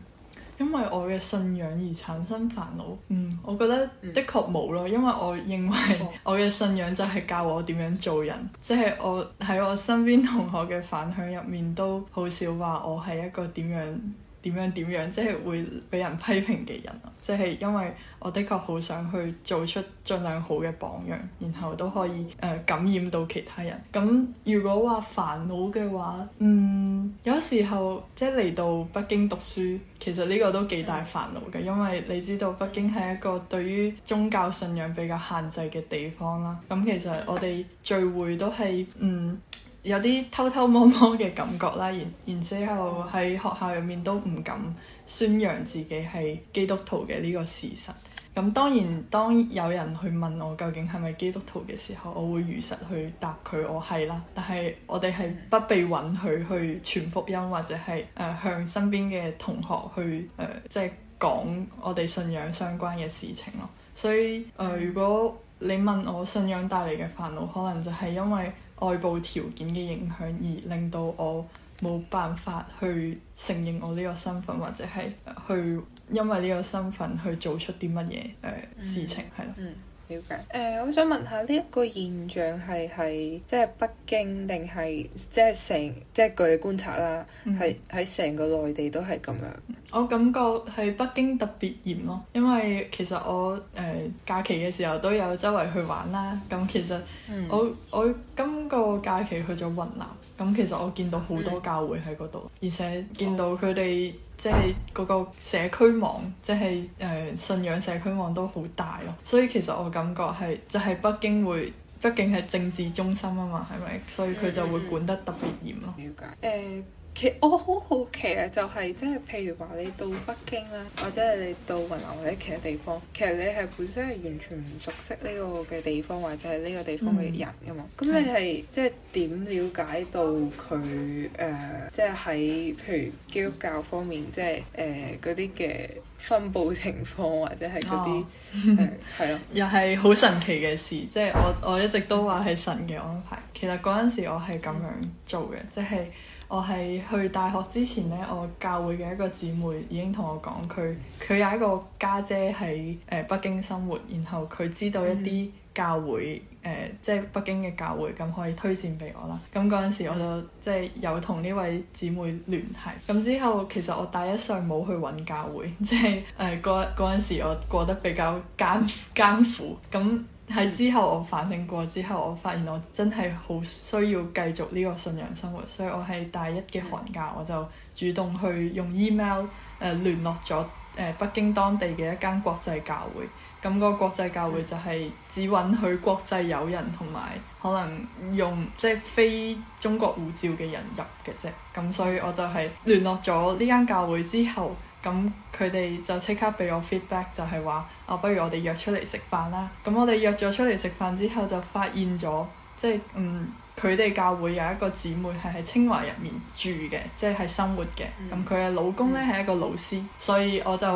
因為我嘅信仰而產生煩惱。嗯，我覺得的確冇咯，因為我認為我嘅信仰就係教我點樣做人，即係我喺我身邊同學嘅反響入面都好少話我係一個點樣點樣點樣，即係會俾人批評嘅人，即係因為。我的確好想去做出盡量好嘅榜樣，然後都可以誒、呃、感染到其他人。咁如果話煩惱嘅話，嗯，有時候即係嚟到北京讀書，其實呢個都幾大煩惱嘅，因為你知道北京係一個對於宗教信仰比較限制嘅地方啦。咁其實我哋聚會都係，嗯，有啲偷偷摸摸嘅感覺啦，然然之後喺學校入面都唔敢宣揚自己係基督徒嘅呢個事實。咁當然，當有人去問我究竟係咪基督徒嘅時候，我會如實去答佢我係啦。但係我哋係不被允許去傳福音或者係誒、呃、向身邊嘅同學去誒、呃、即係講我哋信仰相關嘅事情咯。所以誒、呃，如果你問我信仰帶嚟嘅煩惱，可能就係因為外部條件嘅影響而令到我冇辦法去承認我呢個身份或者係、呃、去，因為呢個身份去做出啲乜嘢誒事情係咯、嗯了嗯，了解。
誒、呃，我想問下呢一、呢個現象係係即係北京定係即係成即係據觀察啦，
係喺成個內地都係咁樣？我感覺係北京特別嚴咯，因為其實我誒、呃、假期嘅時候都有周圍去玩啦。咁其實我、嗯、我今個假期去咗雲南，咁其實我見到好多教會喺嗰度，嗯、而且見到佢哋、嗯。即係嗰個社區網，即係誒、呃、信仰社區網都好大咯。所以其實我感覺係，就係、是、北京會，畢竟係政治中心啊嘛，係咪？所以佢就會管得特別嚴咯。了、嗯嗯嗯、解。
呃其我好好奇啊，就係即係譬如話你到北京啦，或者係你到雲南或者其他地方，其實你係本身係完全唔熟悉呢個嘅地方，或者係呢個地方嘅人噶嘛。咁、嗯、你係、嗯、即係點了解到佢誒、呃？即係喺譬如基督教方面，即係誒嗰啲嘅分布情況，
或者係嗰啲係咯。又係好神奇嘅事，即係，我我一直都話係神嘅安排。其實嗰陣時我係咁樣做嘅，即係。 [laughs] 我係去大學之前呢，我教會嘅一個姊妹已經同我講，佢佢有一個家姐喺誒、呃、北京生活，然後佢知道一啲教會誒，即係北京嘅教會，咁、嗯呃嗯、可以推薦俾我啦。咁嗰陣時我就即係有同呢位姊妹聯繫，咁、嗯、之後其實我大一上冇去揾教會，即係誒嗰嗰陣時我過得比較艱艱苦咁。嗯喺之後我反省過之後，我發現我真係好需要繼續呢個信仰生活，所以我喺大一嘅寒假我就主動去用 email 誒、呃、聯絡咗誒、呃、北京當地嘅一間國際教會，咁個國際教會就係只允許國際友人同埋可能用即係非中國護照嘅人入嘅啫，咁所以我就係聯絡咗呢間教會之後。咁佢哋就即刻俾我 feedback，就係話，啊不如我哋約出嚟食飯啦。咁我哋約咗出嚟食飯之後，就發現咗，即係嗯，佢哋教會有一個姊妹係喺清華入面住嘅，即係生活嘅。咁佢嘅老公呢係一個老師，所以我就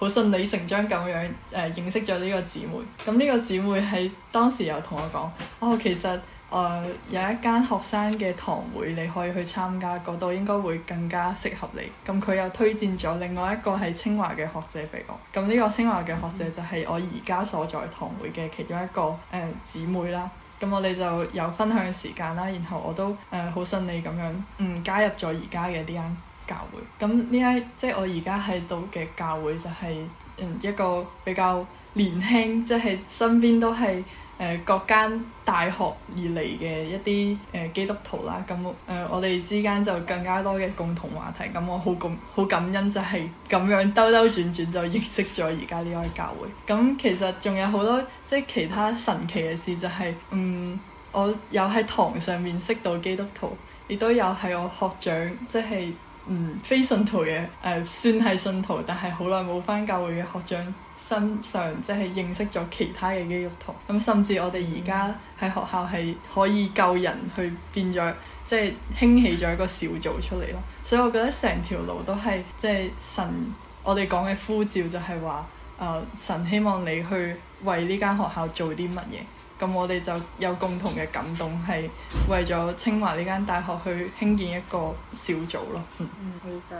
好順理成章咁樣誒認識咗呢個姊妹。咁呢個姊妹喺當時又同我講，哦其實，誒、uh, 有一間學生嘅堂會，你可以去參加，嗰度應該會更加適合你。咁佢又推薦咗另外一個係清華嘅學姐俾我。咁呢個清華嘅學姐就係我而家所在堂會嘅其中一個誒姊、呃、妹啦。咁我哋就有分享時間啦。然後我都誒好順利咁樣，嗯加入咗而家嘅呢間教會。咁呢間即係我而家喺度嘅教會就係、是嗯、一個比較年輕，即、就、係、是、身邊都係誒、呃、各間，大學而嚟嘅一啲誒、呃、基督徒啦，咁誒、呃、我哋之間就更加多嘅共同話題。咁我好感好感恩就係咁樣兜兜轉轉就認識咗而家呢個教會。咁其實仲有好多即係其他神奇嘅事、就是，就係嗯我有喺堂上面識到基督徒，亦都有係我學長，即、就、係、是、嗯非信徒嘅誒、呃、算係信徒，但係好耐冇返教會嘅學長。身上即係認識咗其他嘅基督徒，咁甚至我哋而家喺學校係可以救人去變咗，即係興起咗一個小組出嚟咯。所以我覺得成條路都係即係神，我哋講嘅呼召就係話，誒神希望你去為呢間學校做啲乜嘢，咁我哋就有共同嘅感動係為咗清華呢間大學去興建一個小組咯。嗯，
嗯理解。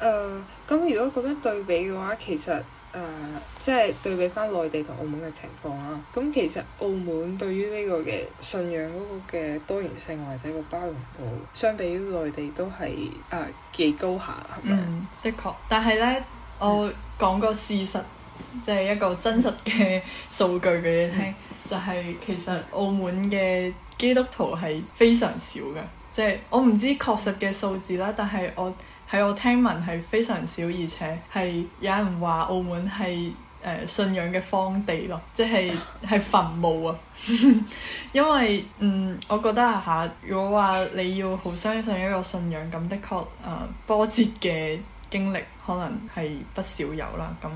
誒，咁如果咁樣對比嘅話，其實～誒，uh, 即係對比翻內地同澳門嘅情況啦。咁其實澳門對於呢個嘅信仰嗰個嘅多元性或者個包容度，相比於內地都係
誒、uh, 幾高下，係咪？嗯，的確。但係呢，我講個事實，即係一個真實嘅數據俾你聽，嗯、就係其實澳門嘅基督徒係非常少㗎。即係我唔知確實嘅數字啦，但係我。喺我聽聞係非常少，而且係有人話澳門係誒、呃、信仰嘅荒地咯，即係係墳墓啊！ [laughs] 因為嗯，我覺得吓，如果話你要好相信一個信仰，咁的確誒、呃、波折嘅經歷可能係不少有啦。咁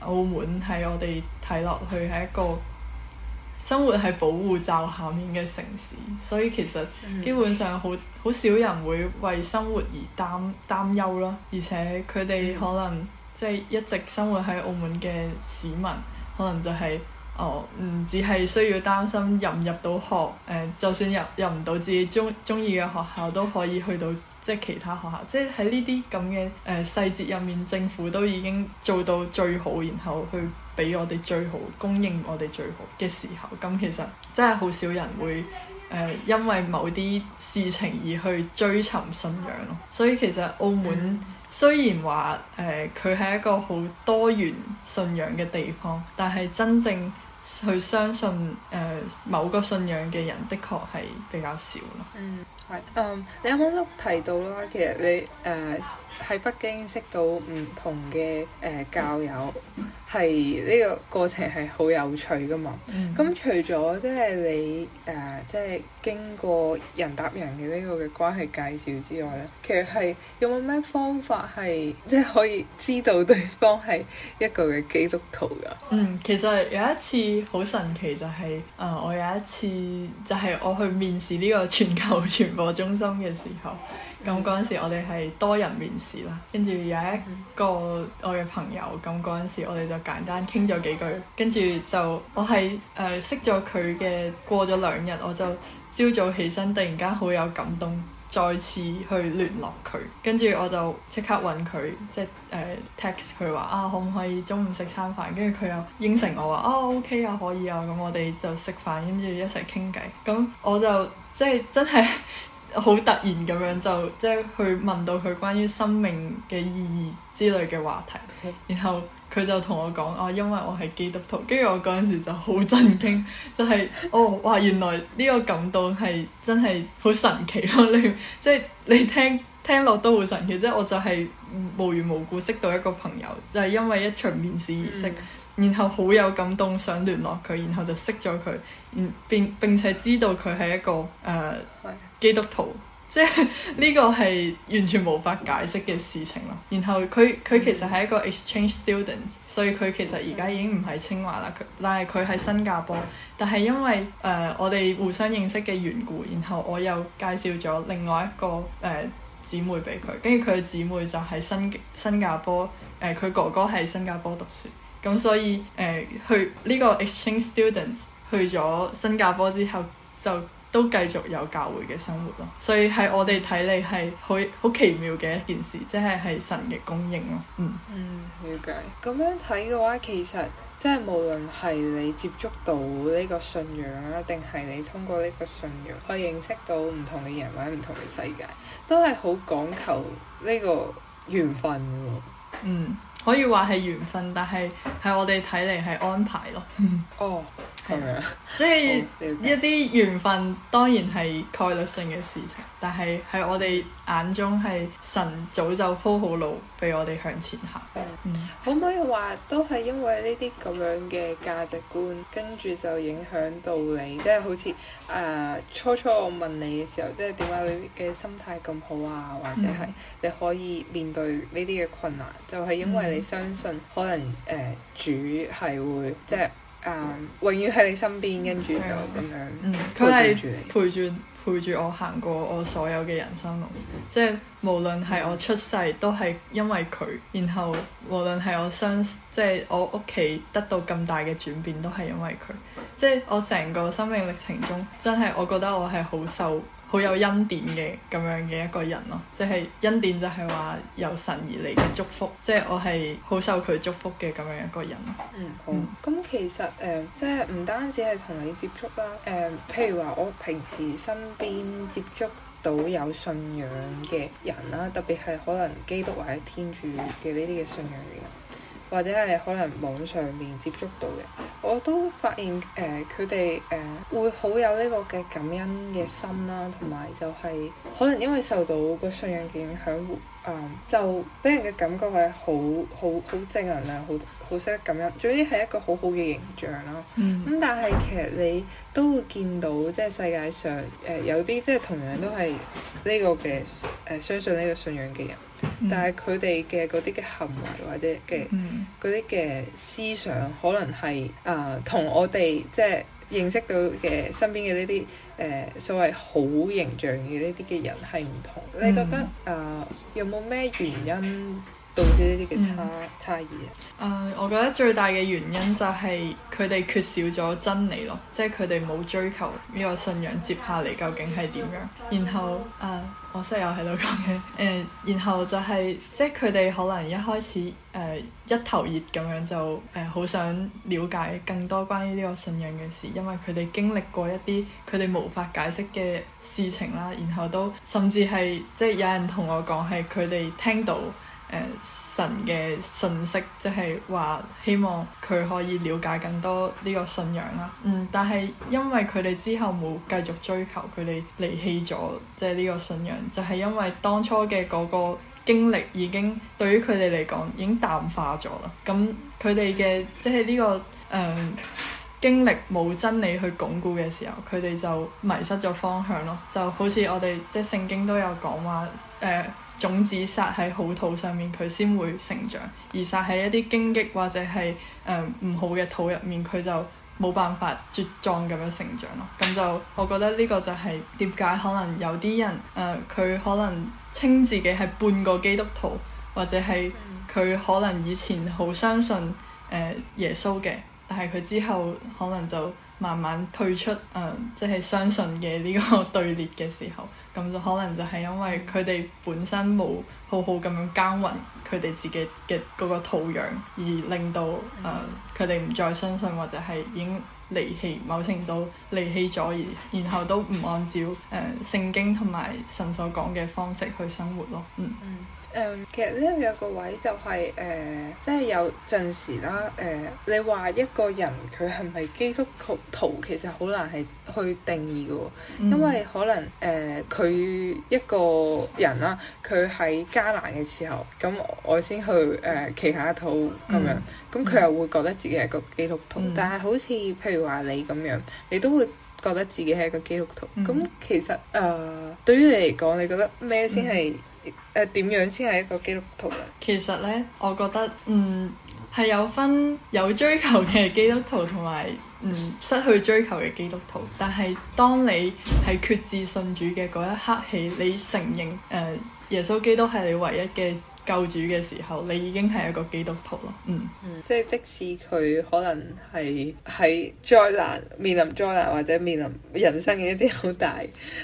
澳門喺我哋睇落去係一個。生活喺保護罩下面嘅城市，所以其實基本上好好少人會為生活而擔擔憂咯。而且佢哋可能即係一直生活喺澳門嘅市民，可能就係、是、哦，唔只係需要擔心入唔入到學，誒、呃，就算入入唔到自己中中意嘅學校，都可以去到即係、就是、其他學校。即係喺呢啲咁嘅誒細節入面，政府都已經做到最好，然後去，俾我哋最好，供應我哋最好嘅時候，咁其實真係好少人會誒、呃，因為某啲事情而去追尋信仰咯。所以其實澳門雖然話誒，佢、呃、係一個好多元信仰嘅地方，但係真正去相信誒、呃、某個信仰嘅人，的確係比較少咯。嗯，
係。嗯，你有冇提到啦？其實你誒。呃喺北京識到唔同嘅誒、呃、教友，係呢個過程係好有趣噶嘛。咁、嗯、除咗即係你誒，即、呃、係、就是、經過人搭人嘅呢個嘅關係介紹之外呢，其實係有冇咩方法係即係可以知道對方係一個嘅基督
徒噶？嗯，其實有一次好神奇就係、是，啊、呃，我有一次就係我去面試呢個全球傳播中心嘅時候。咁嗰陣時，我哋係多人面試啦，跟住有一個我嘅朋友。咁嗰陣時，我哋就簡單傾咗幾句，跟住就我係誒、呃、識咗佢嘅。過咗兩日，我就朝早起身，突然間好有感動，再次去聯絡佢。跟住我就即刻揾佢，即係誒、呃、text 佢話啊，可唔可以中午食餐飯？跟住佢又應承我話哦 OK 啊，可以啊。咁我哋就食飯，跟住一齊傾偈。咁我就即係真係。 [laughs] 好突然咁樣就即係去問到佢關於生命嘅意義之類嘅話題，Okay. 然後佢就同我講哦，因為我係基督徒，跟住我嗰陣時就好震驚，就係、是、哦哇，原來呢個感動係真係好神奇咯！你即係你聽聽落都好神奇，即係 [laughs] [laughs] 我就係無緣無故識到一個朋友，就係、是、因為一場面試而識，嗯、然後好有感動，想聯絡佢，然後就識咗佢，然並並且知道佢係一個誒。呃 Okay. 基督徒，即係呢個係完全無法解釋嘅事情咯。然後佢佢其實係一個 exchange students，所以佢其實而家已經唔係清華啦，佢，但係佢喺新加坡。但係因為誒、呃、我哋互相認識嘅緣故，然後我又介紹咗另外一個誒姊妹俾佢，跟住佢嘅姊妹就喺新新加坡，誒、呃，佢哥哥喺新加坡讀書，咁所以誒、呃、去呢個 exchange students 去咗新加坡之後就都繼續有教會嘅生活咯，所以喺我哋睇嚟係好好奇妙嘅一件事，即係係神嘅供應咯。嗯，嗯，
了解。咁樣睇嘅話，其實即係無論係你接觸到呢個信仰啦，定係你通過呢個信仰去認識到唔同嘅人或者唔同嘅世界，都係好講求呢個緣分嘅。嗯。
可以話係緣分，但係喺我哋睇嚟係安排咯，oh, [laughs] 的。哦，
係咪？
即係一啲緣分，當然係概率性嘅事情。但係喺我哋眼中，係神早就鋪好路俾我哋向前行。嗯、
可唔可以話都係因為呢啲咁樣嘅價值觀，跟住就影響到你，即、就、係、是、好似誒、呃、初初我問你嘅時候，即係點解你嘅心態咁好啊？或者係你可以面對呢啲嘅困難，嗯、就係因為你相信、嗯、可能誒、呃、主
係會、嗯、即係誒、呃、永遠喺你身邊，跟住、嗯嗯、就咁樣，
佢係、嗯、
陪住。陪住我行過我所有嘅人生路，即係無論係我出世都係因為佢，然後無論係我相即係我屋企得到咁大嘅轉變都係因為佢，即係我成個生命歷程中真係我覺得我係好受。好有恩典嘅咁樣嘅一個人咯，即係恩典就係話由神而嚟嘅祝福，即係我係好受佢祝福嘅咁樣一個人咯。
就是就是，是個人嗯，好，嗯。咁其實誒、呃，即係唔單止係同你接觸啦，誒、呃，譬如話我平時身邊接觸到有信仰嘅人啦，特別係可能基督或者天主嘅呢啲嘅信仰嘅人，或者係可能網上面接觸到嘅。我都發現誒，佢哋誒會好有呢個嘅感恩嘅心啦，同埋就係可能因為受到個信仰嘅影響，誒、呃、就俾人嘅感覺係好好好正能量，好好識得感恩，總之係一個好好嘅形象啦。咁、嗯嗯、但係其實你都會見到即係、就是、世界上誒、呃、有啲即係同樣都係呢個嘅誒、呃、相信呢個信仰嘅人，嗯、但係佢哋嘅嗰啲嘅行為或者嘅嗰啲嘅思想可能係啊。同、呃、我哋即係認識到嘅身邊嘅呢啲誒所謂好形象嘅呢啲嘅人係唔同，嗯、你覺得啊、呃、有
冇咩原因？導致呢啲嘅差差異啊、嗯呃，我覺得最大嘅原因就係佢哋缺少咗真理咯，即係佢哋冇追求呢個信仰接下嚟究竟係點樣。然後誒、呃，我室友喺度講嘅誒，然後就係、是、即係佢哋可能一開始誒、呃、一頭熱咁樣就誒好、呃、想了解更多關於呢個信仰嘅事，因為佢哋經歷過一啲佢哋無法解釋嘅事情啦。然後都甚至係即係有人同我講係佢哋聽到。呃、神嘅信息，即係話希望佢可以了解更多呢個信仰啦。嗯，但係因為佢哋之後冇繼續追求，佢哋離棄咗即係呢個信仰，就係、是、因為當初嘅嗰個經歷已經對於佢哋嚟講已經淡化咗啦。咁佢哋嘅即係呢個誒、呃、經歷冇真理去鞏固嘅時候，佢哋就迷失咗方向咯。就好似我哋即係聖經都有講話誒。呃種子撒喺好土上面，佢先會成長；而撒喺一啲荊棘或者係誒唔好嘅土入面，佢就冇辦法茁壯咁樣成長咯。咁就我覺得呢個就係點解可能有啲人誒，佢、呃、可能稱自己係半個基督徒，或者係佢可能以前好相信誒、呃、耶穌嘅，但係佢之後可能就慢慢退出誒，即、呃、係、就是、相信嘅呢個隊列嘅時候。咁就可能就係因為佢哋本身冇好好咁樣耕耘佢哋自己嘅嗰個土壤，而令到誒佢哋唔再相信，或者係已經離棄某程度離棄咗，而然後都唔按照誒、呃、聖經同埋神所講嘅方式去生活咯，嗯。嗯。
嗯，um, 其實呢度有個位就係、是、誒、呃，即係有陣時啦，誒、呃，你話一個人佢係咪基督徒？其實好難係去定義嘅，嗯、因為可能誒，佢、呃、一個人啦，佢喺艱難嘅時候，咁我先去誒祈下禱咁樣，咁佢、嗯、又會覺得自己係個基督徒。嗯、但係好似譬如話你咁樣，你都會覺得自己係一個基督徒。咁、嗯、其實誒，uh, 對於你嚟講，你覺得咩先係？嗯誒，點、呃、樣
先係一個基督徒咧？其實咧，我覺得，嗯，係有分有追求嘅基督徒同埋，嗯，失去追求嘅基督徒。但係，當你係決志信主嘅嗰一刻起，你承認誒、呃，耶穌基督係你唯一嘅。救主嘅時候，你已經係一個基督徒咯。嗯，即係、嗯、即使佢
可能係喺災難面臨災難或者面臨人生嘅一啲
好大好、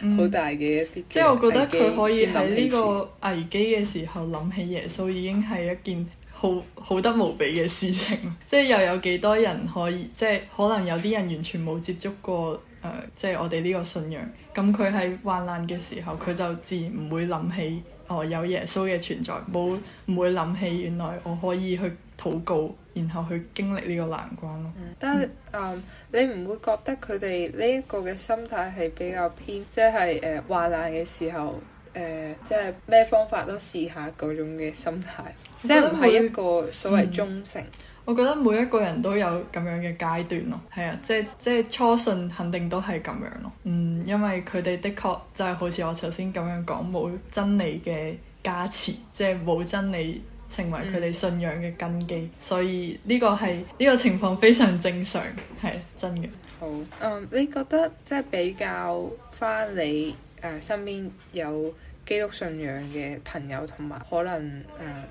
嗯、大嘅一啲，即係我覺得佢可以喺呢個危機嘅時候諗起耶穌，已經係一件好好得無比嘅事情。 [laughs] 即係又有幾多人可以，即係可能有啲人完全冇接觸過誒、呃，即係我哋呢個信仰。咁佢喺患難嘅時候，佢就自然唔會諗起。哦，有耶穌嘅存在，冇唔會諗起原來我可以去禱告，然後去經歷呢個難關咯。嗯嗯、
但係，誒、um,，你唔會覺得佢哋呢一個嘅心態係比較偏，即係誒，患、呃、難嘅時候，誒、呃，即係咩方法都試下
嗰種嘅心態，即係唔係一個所謂忠誠。嗯我覺得每一個人都有咁樣嘅階段咯，係啊，即係即係初信肯定都係咁樣咯。嗯，因為佢哋的確就係好似我頭先咁樣講，冇真理嘅加持，即係冇真理成為佢哋信仰嘅根基，嗯、所以呢個係呢、呢個情況非常正常，係、啊、真嘅。好，
嗯，你覺得即係比較返你誒身邊有？基督信仰嘅朋友同埋可能誒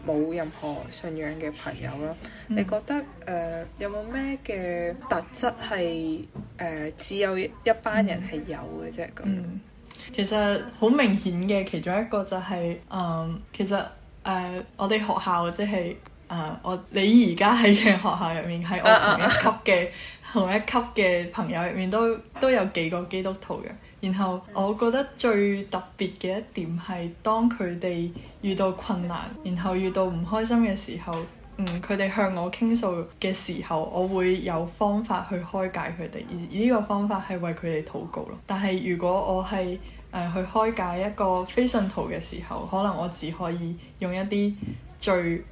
冇、呃、任何信仰嘅朋友咯，嗯、你覺得誒、呃、有冇咩嘅特質係誒只有一班人係有嘅
啫咁？其實好明顯嘅，其中一個就係、是、誒、呃、其實誒、呃、我哋學校即係誒我你而家喺嘅學校入面喺 [laughs] 我同一級嘅 [laughs] 同一級嘅朋友入面都都有幾個基督徒嘅。然後我覺得最特別嘅一點係，當佢哋遇到困難，然後遇到唔開心嘅時候，嗯，佢哋向我傾訴嘅時候，我會有方法去開解佢哋，而呢個方法係為佢哋禱告咯。但係如果我係誒、呃、去開解一個非信徒嘅時候，可能我只可以用一啲最，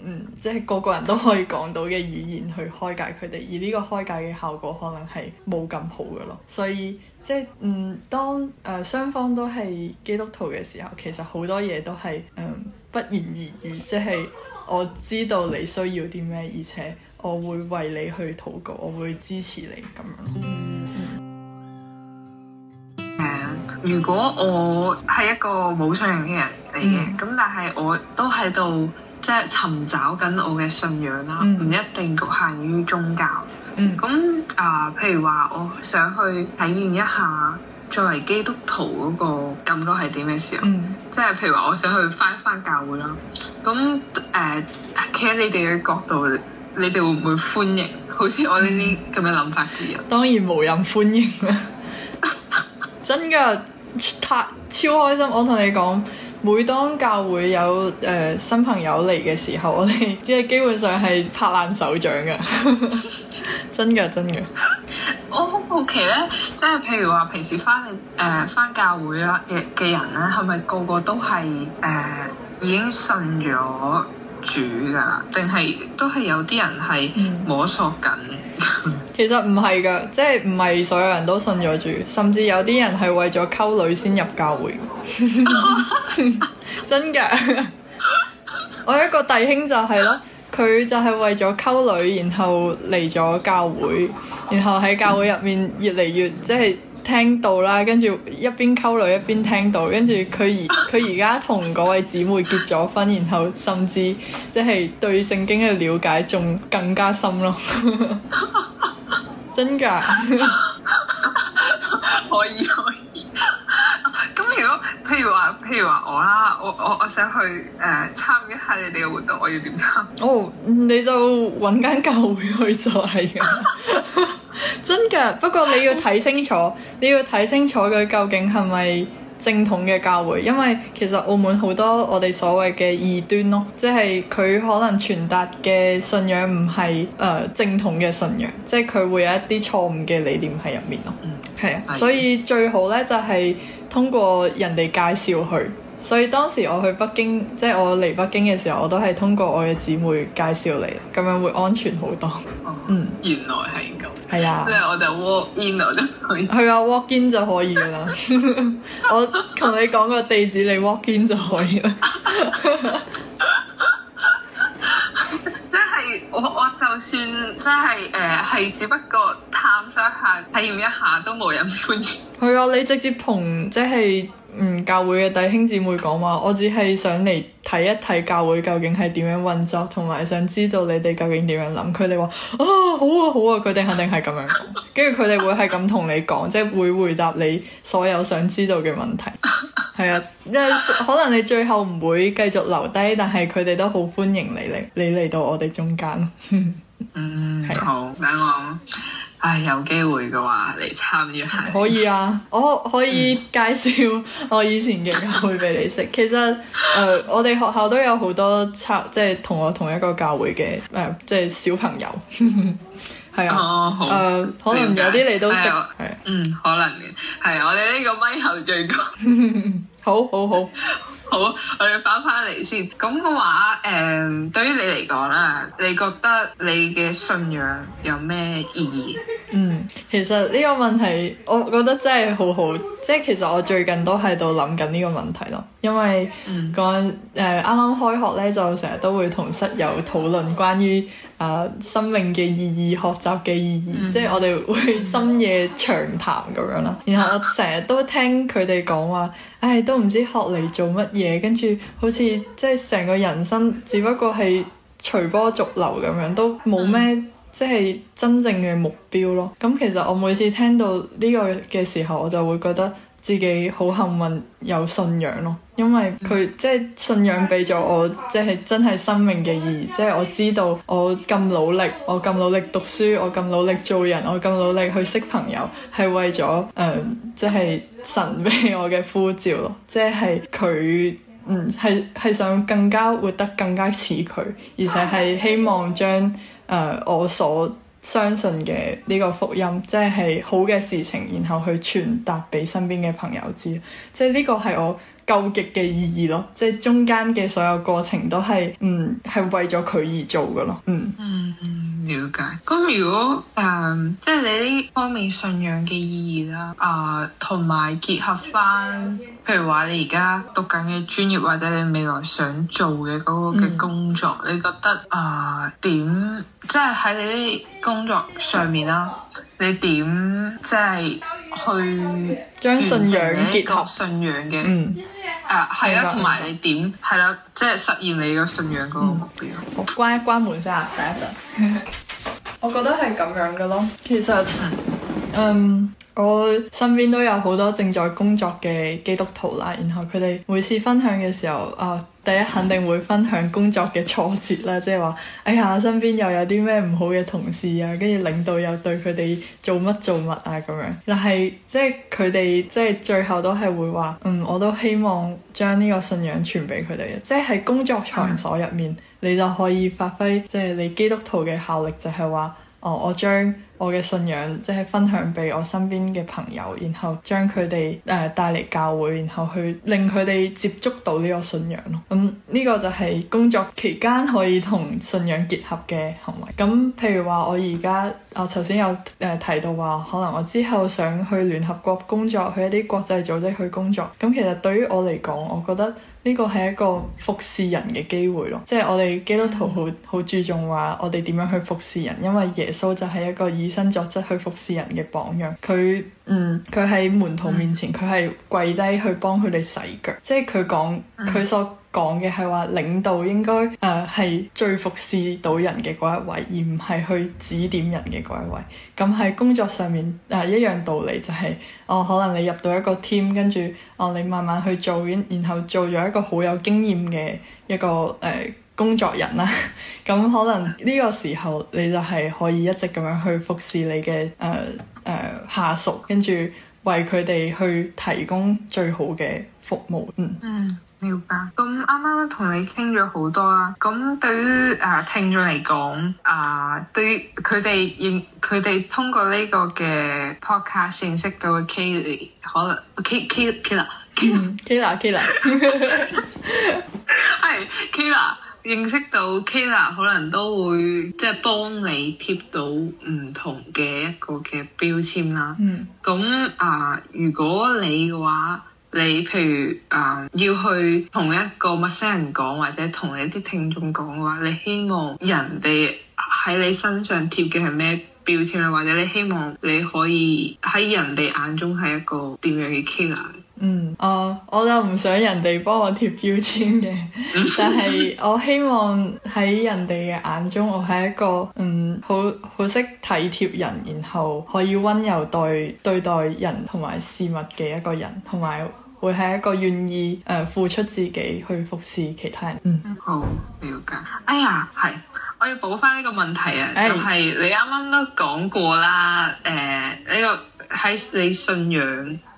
嗯，即係個個人都可以講到嘅語言去開解佢哋，而呢個開解嘅效果可能係冇咁好嘅咯。所以即係嗯，當誒、呃、雙方都係基督徒嘅時候，其實好多嘢都係嗯，不言而喻，即係我知道你需要啲咩，而且我會為你去禱告，我會支持你咁樣。誒、嗯，嗯、如果我係一個冇信仰嘅人嚟嘅，咁、嗯、但係我
都喺度。即係尋找緊我嘅信仰啦，唔、嗯、一定局限於宗教。咁啊、嗯呃，譬如話，我想去體驗一下作為基督徒嗰個感覺係點嘅時候，即係、嗯、譬如話，我想去返一返教會啦。咁企喺你哋嘅角度，你哋會唔會歡迎？嗯、好似我呢啲咁嘅諗法嘅人？
當然無任歡迎啦！ [laughs] 真㗎，太超，超開心！我同你講。每當教會有誒、呃、新朋友嚟嘅時候，我哋即係基本上係拍爛手掌嘅， [laughs] 真㗎真㗎。我
好好奇咧，即係譬如話，平時返誒返教會啦嘅嘅人咧，係咪個個都係誒、呃、已經信咗？主噶，定係都係有啲人係摸索
緊。嗯、 [laughs] 其實唔係噶，即係唔係所有人都信咗主，甚至有啲人係為咗溝女先入教會。 [laughs] 真嘅的， [laughs] 我一個弟兄就係、是、咯，佢就係為咗溝女，然後嚟咗教會，然後喺教會入面越嚟越即係。就是聽到啦，跟住一邊溝女一邊聽到，跟住佢而佢而家同嗰位姊妹結咗婚，然後甚至即係對聖經嘅了解仲更加深咯， [laughs] 真㗎的嗎， [laughs] 可以可以。咁如果譬如話譬如話我啦，我我我想去誒參與、呃、一吓你哋嘅活動，我要點參？哦，oh, 你就搵間教會去就係， [laughs] [laughs] 真噶。不過你要睇清楚， [laughs] 你要睇清楚佢究竟係咪正統嘅教會，因為其實澳門好多我哋所謂嘅異端咯，即係佢可能傳達嘅信仰唔係誒正統嘅信仰，即係佢會有一啲錯誤嘅理念喺入面咯。係啊、嗯的，所以最好咧就係、是。通過人哋介紹去，所以當時我去北京，即係我嚟北京嘅時候，我都係通過我嘅姊妹介紹嚟，咁樣會安全好多。哦、嗯，原來係咁，係啊
的，即
係我就 walk in，我就可以。係啊，walk in 就可以噶啦。 [laughs] [laughs] 我同你講個地址，你 walk in 就可以啦。 [laughs]
算真係誒，係、呃、只不過探索下
體驗一下都冇人歡迎。係啊、嗯，你直接同即係唔、嗯、教會嘅弟兄姊妹講話，我只係想嚟睇一睇教會究竟係點樣運作，同埋想知道你哋究竟點樣諗。佢哋話啊，好啊好啊，佢哋肯定係咁樣講，跟住佢哋會係咁同你講，即係會回答你所有想知道嘅問題。係啊、 [laughs] 嗯，即、嗯、係可能你最後唔會繼續留低，但係佢哋都好歡迎你嚟，你嚟到我哋中間。呵呵。嗯、啊、好，等我，唉有機會嘅話嚟參與下。可以啊， [laughs] 我可以介紹我以前嘅教會俾你識。其實誒、呃，我哋學校都有好多差，即係同我同一個教會嘅誒、呃，即係小朋友，係 [laughs] 啊、哦。好，誒、呃、可能有啲你都識，係、哎啊、嗯，可能嘅，
係、啊、我哋呢個咪頭最高、嗯，好好好。好好 [laughs] 好，我哋翻返嚟先。咁嘅話，誒、嗯，對於你
嚟講啦，你覺得你嘅信仰有咩意義？嗯，其實呢個問題，我覺得真係好好。即、就、係、是、其實我最近都喺度諗緊呢個問題咯，因為講啱啱開學呢，就成日都會同室友討論關於啊、呃、生命嘅意義、學習嘅意義，即係、嗯、哼我哋會深夜長談咁樣啦。然後我成日都聽佢哋講話。唉，都唔知學嚟做乜嘢，跟住好似即係成個人生，只不過係隨波逐流咁樣，都冇咩即係真正嘅目標咯。咁、嗯、其實我每次聽到呢個嘅時候，我就會覺得，自己好幸運有信仰咯，因為佢即係信仰俾咗我，即係真係生命嘅意義。即係我知道我咁努力，我咁努力讀書，我咁努力做人，我咁努力去識朋友，係為咗誒、呃，即係神俾我嘅呼召咯。即係佢嗯係係想更加活得更加似佢，而且係希望將誒、呃、我所。相信嘅呢個福音，即係好嘅事情，然後去傳達俾身邊嘅朋友知，即係呢個係我。究極嘅意義咯，即係中間嘅所有過程都係，嗯，係為咗佢而做嘅咯，嗯。嗯，了解。咁
如果誒、呃，即係你呢方面信仰嘅意義啦，啊、呃，同埋結合翻，譬如話你而家讀緊嘅專業或者你未來想做嘅嗰個嘅工作，嗯、你覺得啊，點、呃、即係喺你呢啲工作上面啦，你點即係去將信仰結合信仰嘅？嗯。
誒係啊，同埋、uh, 國
你點係啦，即係國、就是、實現你嘅信仰嗰個目
標。我關一關門先，啊，等一陣。 [laughs] [laughs] 我覺得係咁樣嘅咯。其實，誒、嗯。Um, 我身邊都有好多正在工作嘅基督徒啦，然後佢哋每次分享嘅時候，啊、呃，第一肯定會分享工作嘅挫折啦，即係話，哎呀，身邊又有啲咩唔好嘅同事啊，跟住領導又對佢哋做乜做乜啊咁樣。但係即係佢哋即係最後都係會話，嗯，我都希望將呢個信仰傳俾佢哋，即係喺工作場所入面，你就可以發揮即係你基督徒嘅效力，就係話，哦、呃，我將，我嘅信仰即係、就是、分享俾我身邊嘅朋友，然後將佢哋誒帶嚟教會，然後去令佢哋接觸到呢個信仰咯。咁、嗯、呢、這個就係工作期間可以同信仰結合嘅行為。咁、嗯、譬如話我而家我，頭先有誒、呃、提到話，可能我之後想去聯合國工作，去一啲國際組織去工作。咁、嗯、其實對於我嚟講，我覺得。呢個係一個服侍人嘅機會咯，即係我哋基督徒好好、嗯、注重話我哋點樣去服侍人，因為耶穌就係一個以身作則去服侍人嘅榜樣。佢嗯，佢喺門徒面前，佢係、嗯、跪低去幫佢哋洗腳，即係佢講佢所，嗯講嘅係話領導應該誒係、呃、最服侍到人嘅嗰一位，而唔係去指點人嘅嗰一位。咁喺工作上面誒、呃、一樣道理就係、是、哦，可能你入到一個 team，跟住哦你慢慢去做，然後做咗一個好有經驗嘅一個誒、呃、工作人啦。咁、啊、可能呢個時候你就係可以一直咁樣去服侍你嘅誒誒下屬，跟住為佢哋去提供最好嘅服務。嗯。嗯
瞭解，咁啱啱都同你傾咗好多啦，咁對於誒、呃、聽眾嚟講，啊、呃、對佢哋認佢哋通過呢個嘅 podcast 認識到 Kayla 可能 K K Kayla Kayla Kayla Kayla 認識到 Kayla 可能都會即係、就是、幫你貼到唔同嘅一個嘅標籤啦。嗯，咁啊、呃，如果你嘅話。你譬如誒、嗯、要去同一個陌生人講，或者同你啲聽眾講嘅話，你希望人哋喺你身上貼嘅係咩標籤，啊？或者你希望你可以喺人哋眼中係一個點樣嘅
Kayla？嗯，我我就唔想人哋幫我貼標籤嘅，
但係
我希望喺人哋嘅眼中，我係一個嗯好好識體貼人，然後可以溫柔對對待人同埋事物嘅一個人，同埋。會係一個願意誒、呃、付出自己去服侍其他人。嗯，好了解。哎呀，係，
我要補翻呢個問題啊。誒、哎，就係你啱啱都講過啦，誒、呃、呢、這個喺你信仰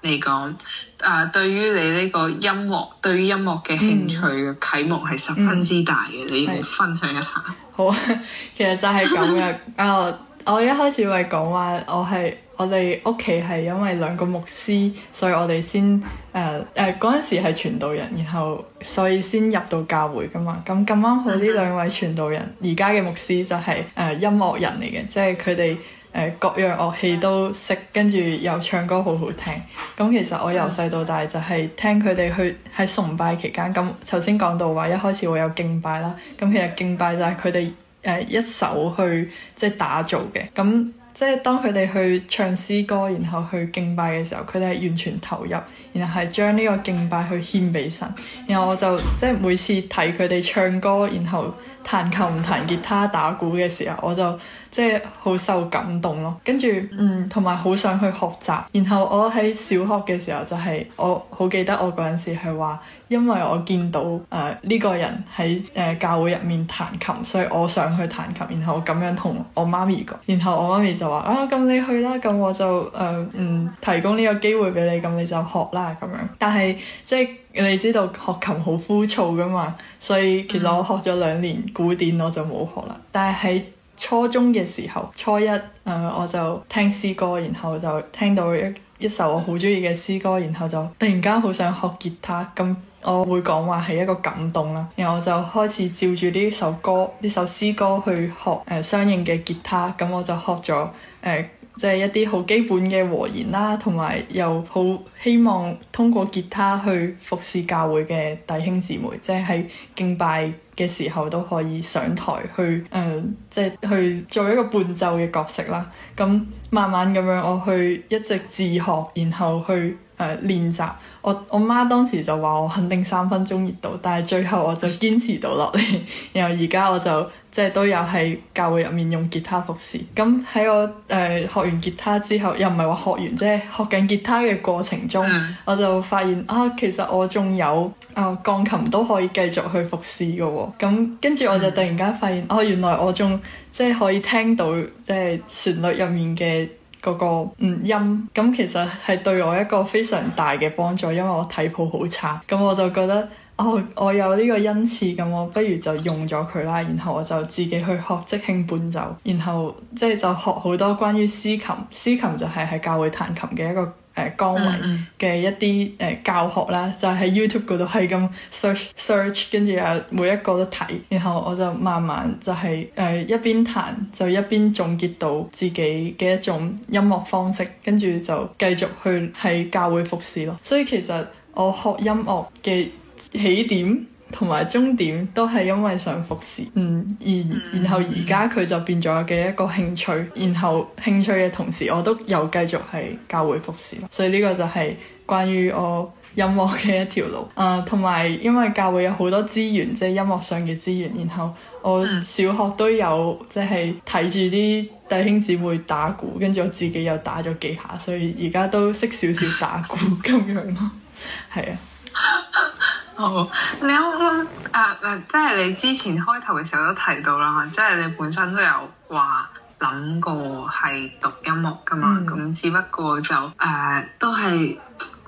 嚟講，誒、呃、對於你呢個音樂，對於音樂嘅興趣嘅啟蒙係十分之大嘅。嗯、你嚟分享一下。
好啊，其實就係咁嘅。啊。 [laughs] uh, 我一開始會講話，我係我哋屋企係因為兩個牧師，所以我哋先誒誒嗰陣時係傳道人，然後所以先入到教會噶嘛。咁咁啱好呢兩位傳道人而家嘅牧師就係誒音樂人嚟嘅，即係佢哋誒各樣樂器都識，跟住又唱歌好好聽。咁其實我由細到大就係聽佢哋去喺崇拜期間。咁頭先講到話一開始會有敬拜啦。咁其實敬拜就係佢哋。誒一手去即係打造嘅，咁即係當佢哋去唱詩歌，然後去敬拜嘅時候，佢哋係完全投入，然後係將呢個敬拜去獻俾神。然後我就即係每次睇佢哋唱歌，然後彈琴、彈吉他、打鼓嘅時候，我就即係好受感動咯。跟住，嗯，同埋好想去學習。然後我喺小學嘅時候就係、是、我好記得我嗰陣時係話。因為我見到誒呢、呃這個人喺誒、呃、教會入面彈琴，所以我想去彈琴，然後咁樣同我媽咪講，然後我媽咪就話啊咁你去啦，咁我就誒、呃、嗯提供呢個機會俾你，咁你就學啦咁樣。但係即係你知道學琴好枯燥噶嘛，所以其實我學咗兩年、嗯、古典我就冇學啦。但係喺初中嘅時候，初一誒、呃、我就聽詩歌，然後就聽到一一首我好中意嘅詩歌，然後就突然間好想學吉他咁。嗯我會講話係一個感動啦，然後我就開始照住呢首歌、呢首詩歌去學誒、呃、相應嘅吉他，咁我就學咗誒，即、呃、係、就是、一啲好基本嘅和弦啦，同埋又好希望通過吉他去服侍教會嘅弟兄姊妹，即係喺敬拜嘅時候都可以上台去誒，即、呃、係、就是、去做一個伴奏嘅角色啦。咁慢慢咁樣我去一直自學，然後去誒練習。呃我我媽當時就話我肯定三分鐘熱度，但係最後我就堅持到落嚟，然後而家我就即係都有喺教會入面用吉他服侍。咁喺我誒、呃、學完吉他之後，又唔係話學完，即係學緊吉他嘅過程中，嗯、我就發現啊、哦，其實我仲有啊、哦、鋼琴都可以繼續去服侍嘅喎、哦。咁跟住我就突然間發現，哦，原來我仲即係可以聽到即係旋律入面嘅。嗰、那個嗯音，咁其實係對我一個非常大嘅幫助，因為我睇譜好差，咁我就覺得，哦，我有呢個恩賜，咁我不如就用咗佢啦，然後我就自己去學即興伴奏，然後即係、就是、就學好多關於司琴，司琴就係喺教會彈琴嘅一個。誒，崗位嘅一啲誒、呃、教學啦，就喺 YouTube 嗰度係咁 search search，跟住啊每一個都睇，然後我就慢慢就係、是、誒、呃、一邊彈就一邊總結到自己嘅一種音樂方式，跟住就繼續去喺教會服侍咯。所以其實我學音樂嘅起點。同埋終點都係因為想服侍，嗯，然然後而家佢就變咗我嘅一個興趣，然後興趣嘅同時，我都又繼續係教會服侍。所以呢個就係關於我音樂嘅一條路。誒、呃，同埋因為教會有好多資源，即係音樂上嘅資源。然後我小學都有即係睇住啲弟兄姊妹打鼓，跟住我自己又打咗幾下，所以而家都識少少打鼓咁樣咯。係 [laughs] 啊。
好，你誒，誒誒，即係你之前開頭嘅時候都提到啦，即係你本身都有話諗過係讀音樂噶嘛，咁只不過就誒都係。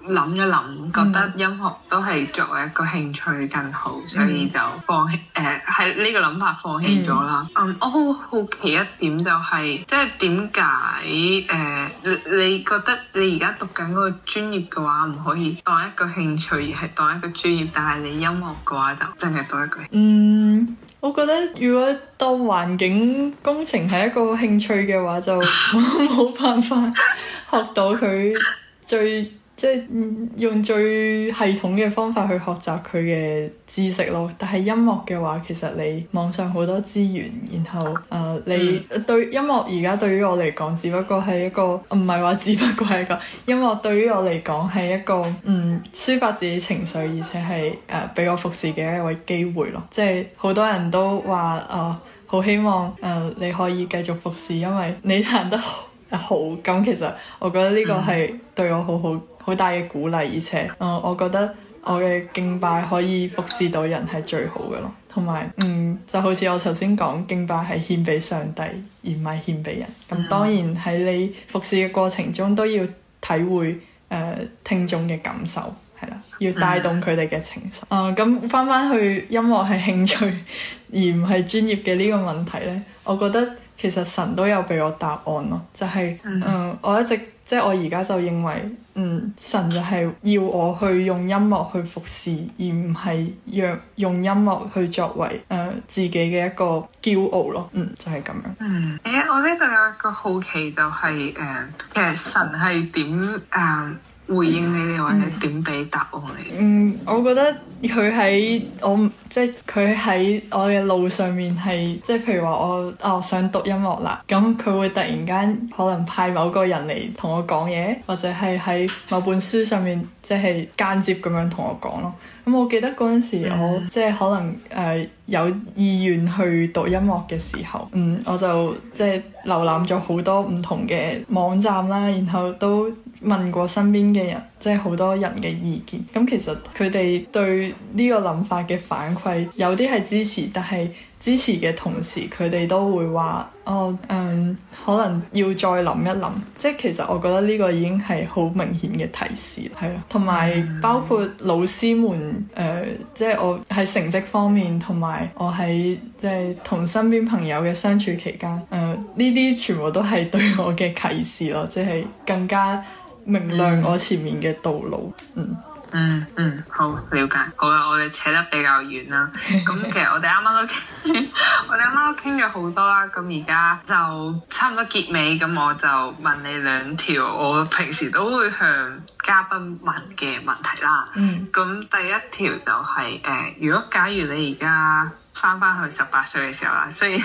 諗一諗，覺得音樂都係作為一個興趣更好，mm. 所以就放棄。誒、呃，喺呢個諗法放棄咗啦。嗯，我好奇一點就係、是，即係點解？誒、呃，你你覺得你而家讀緊嗰個專業嘅話，唔可以當一個興趣，而係當一個專業？但係你音樂嘅話，就真係當一個興趣。
嗯，我覺得如果當環境工程係一個興趣嘅話，就冇辦法學到佢最。即係用最系統嘅方法去學習佢嘅知識咯。但係音樂嘅話，其實你網上好多資源，然後誒、呃、你對音樂而家對於我嚟講，只不過係一個唔係話只不過係一個音樂對於我嚟講係一個嗯抒發自己情緒，而且係誒俾我服侍嘅一位機會咯。即係好多人都話誒好希望誒、呃、你可以繼續服侍，因為你彈得好。咁其實我覺得呢個係對我好好。好大嘅鼓勵，而且，嗯、呃，我覺得我嘅敬拜可以服侍到人係最好嘅咯。同埋，嗯，就好似我頭先講，敬拜係獻畀上帝，而唔係獻畀人。咁當然喺你服侍嘅過程中，都要體會誒、呃、聽眾嘅感受，係啦，要帶動佢哋嘅情緒。啊、嗯，咁返返去音樂係興趣而唔係專業嘅呢個問題咧，我覺得。其實神都有俾我答案咯，就係、是、誒、嗯呃、我一直即係我而家就認為，嗯，神就係要我去用音樂去服侍，而唔係讓用音樂去作為誒、呃、自己嘅一個驕傲咯，嗯，就係、是、咁樣。嗯，誒、
欸，我呢度有一個好奇就係、是、誒、呃，其實神係點誒？呃回應你哋或者點俾答
案你？嗯，我覺得佢喺我即係佢喺我嘅路上面係即係，譬如話我哦想讀音樂啦，咁佢會突然間可能派某個人嚟，同我講嘢，或者係喺某本書上面即係間接咁樣同我講咯。咁、嗯、我記得嗰陣時我，我即係可能誒、呃、有意願去讀音樂嘅時候，嗯，我就即係瀏覽咗好多唔同嘅網站啦，然後都問過身邊嘅人，即係好多人嘅意見。咁、嗯、其實佢哋對呢個諗法嘅反饋，有啲係支持，但係。支持嘅同時，佢哋都會話：哦，嗯，可能要再諗一諗。即係其實我覺得呢個已經係好明顯嘅提示，係咯。同埋包括老師們，誒、呃，即係我喺成績方面，同埋我喺即係同身邊朋友嘅相處期間，誒、呃，呢啲全部都係對我嘅啟示咯，即係更加明亮我前面嘅道路。嗯。嗯
嗯，好了解。好啦，我哋扯得比較遠啦。咁 [laughs] 其實我哋啱啱都我哋啱啱都傾咗好多啦。咁而家就差唔多結尾。咁我就問你兩條，我平時都會向嘉賓問嘅問題啦。嗯。咁第一條就係、是、誒、呃，如果假如你而家返返去十八歲嘅時候啦，所以。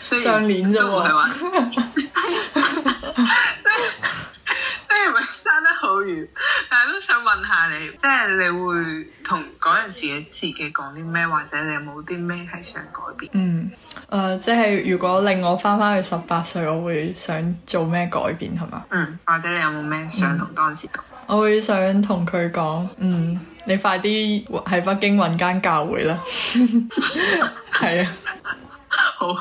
雖上年啫嘛，即係唔係生得好遠，但係都想問下你，即係你會同嗰陣時嘅自己講啲咩，或者你有冇啲咩係想改變？
嗯，誒、呃，即係如果令我翻翻去十八歲，我會想做咩改變係嘛？嗯，或
者
你有冇咩想同當時講，嗯？我會想同佢講，嗯，你快啲喺北京搵間教會啦，
係啊。好，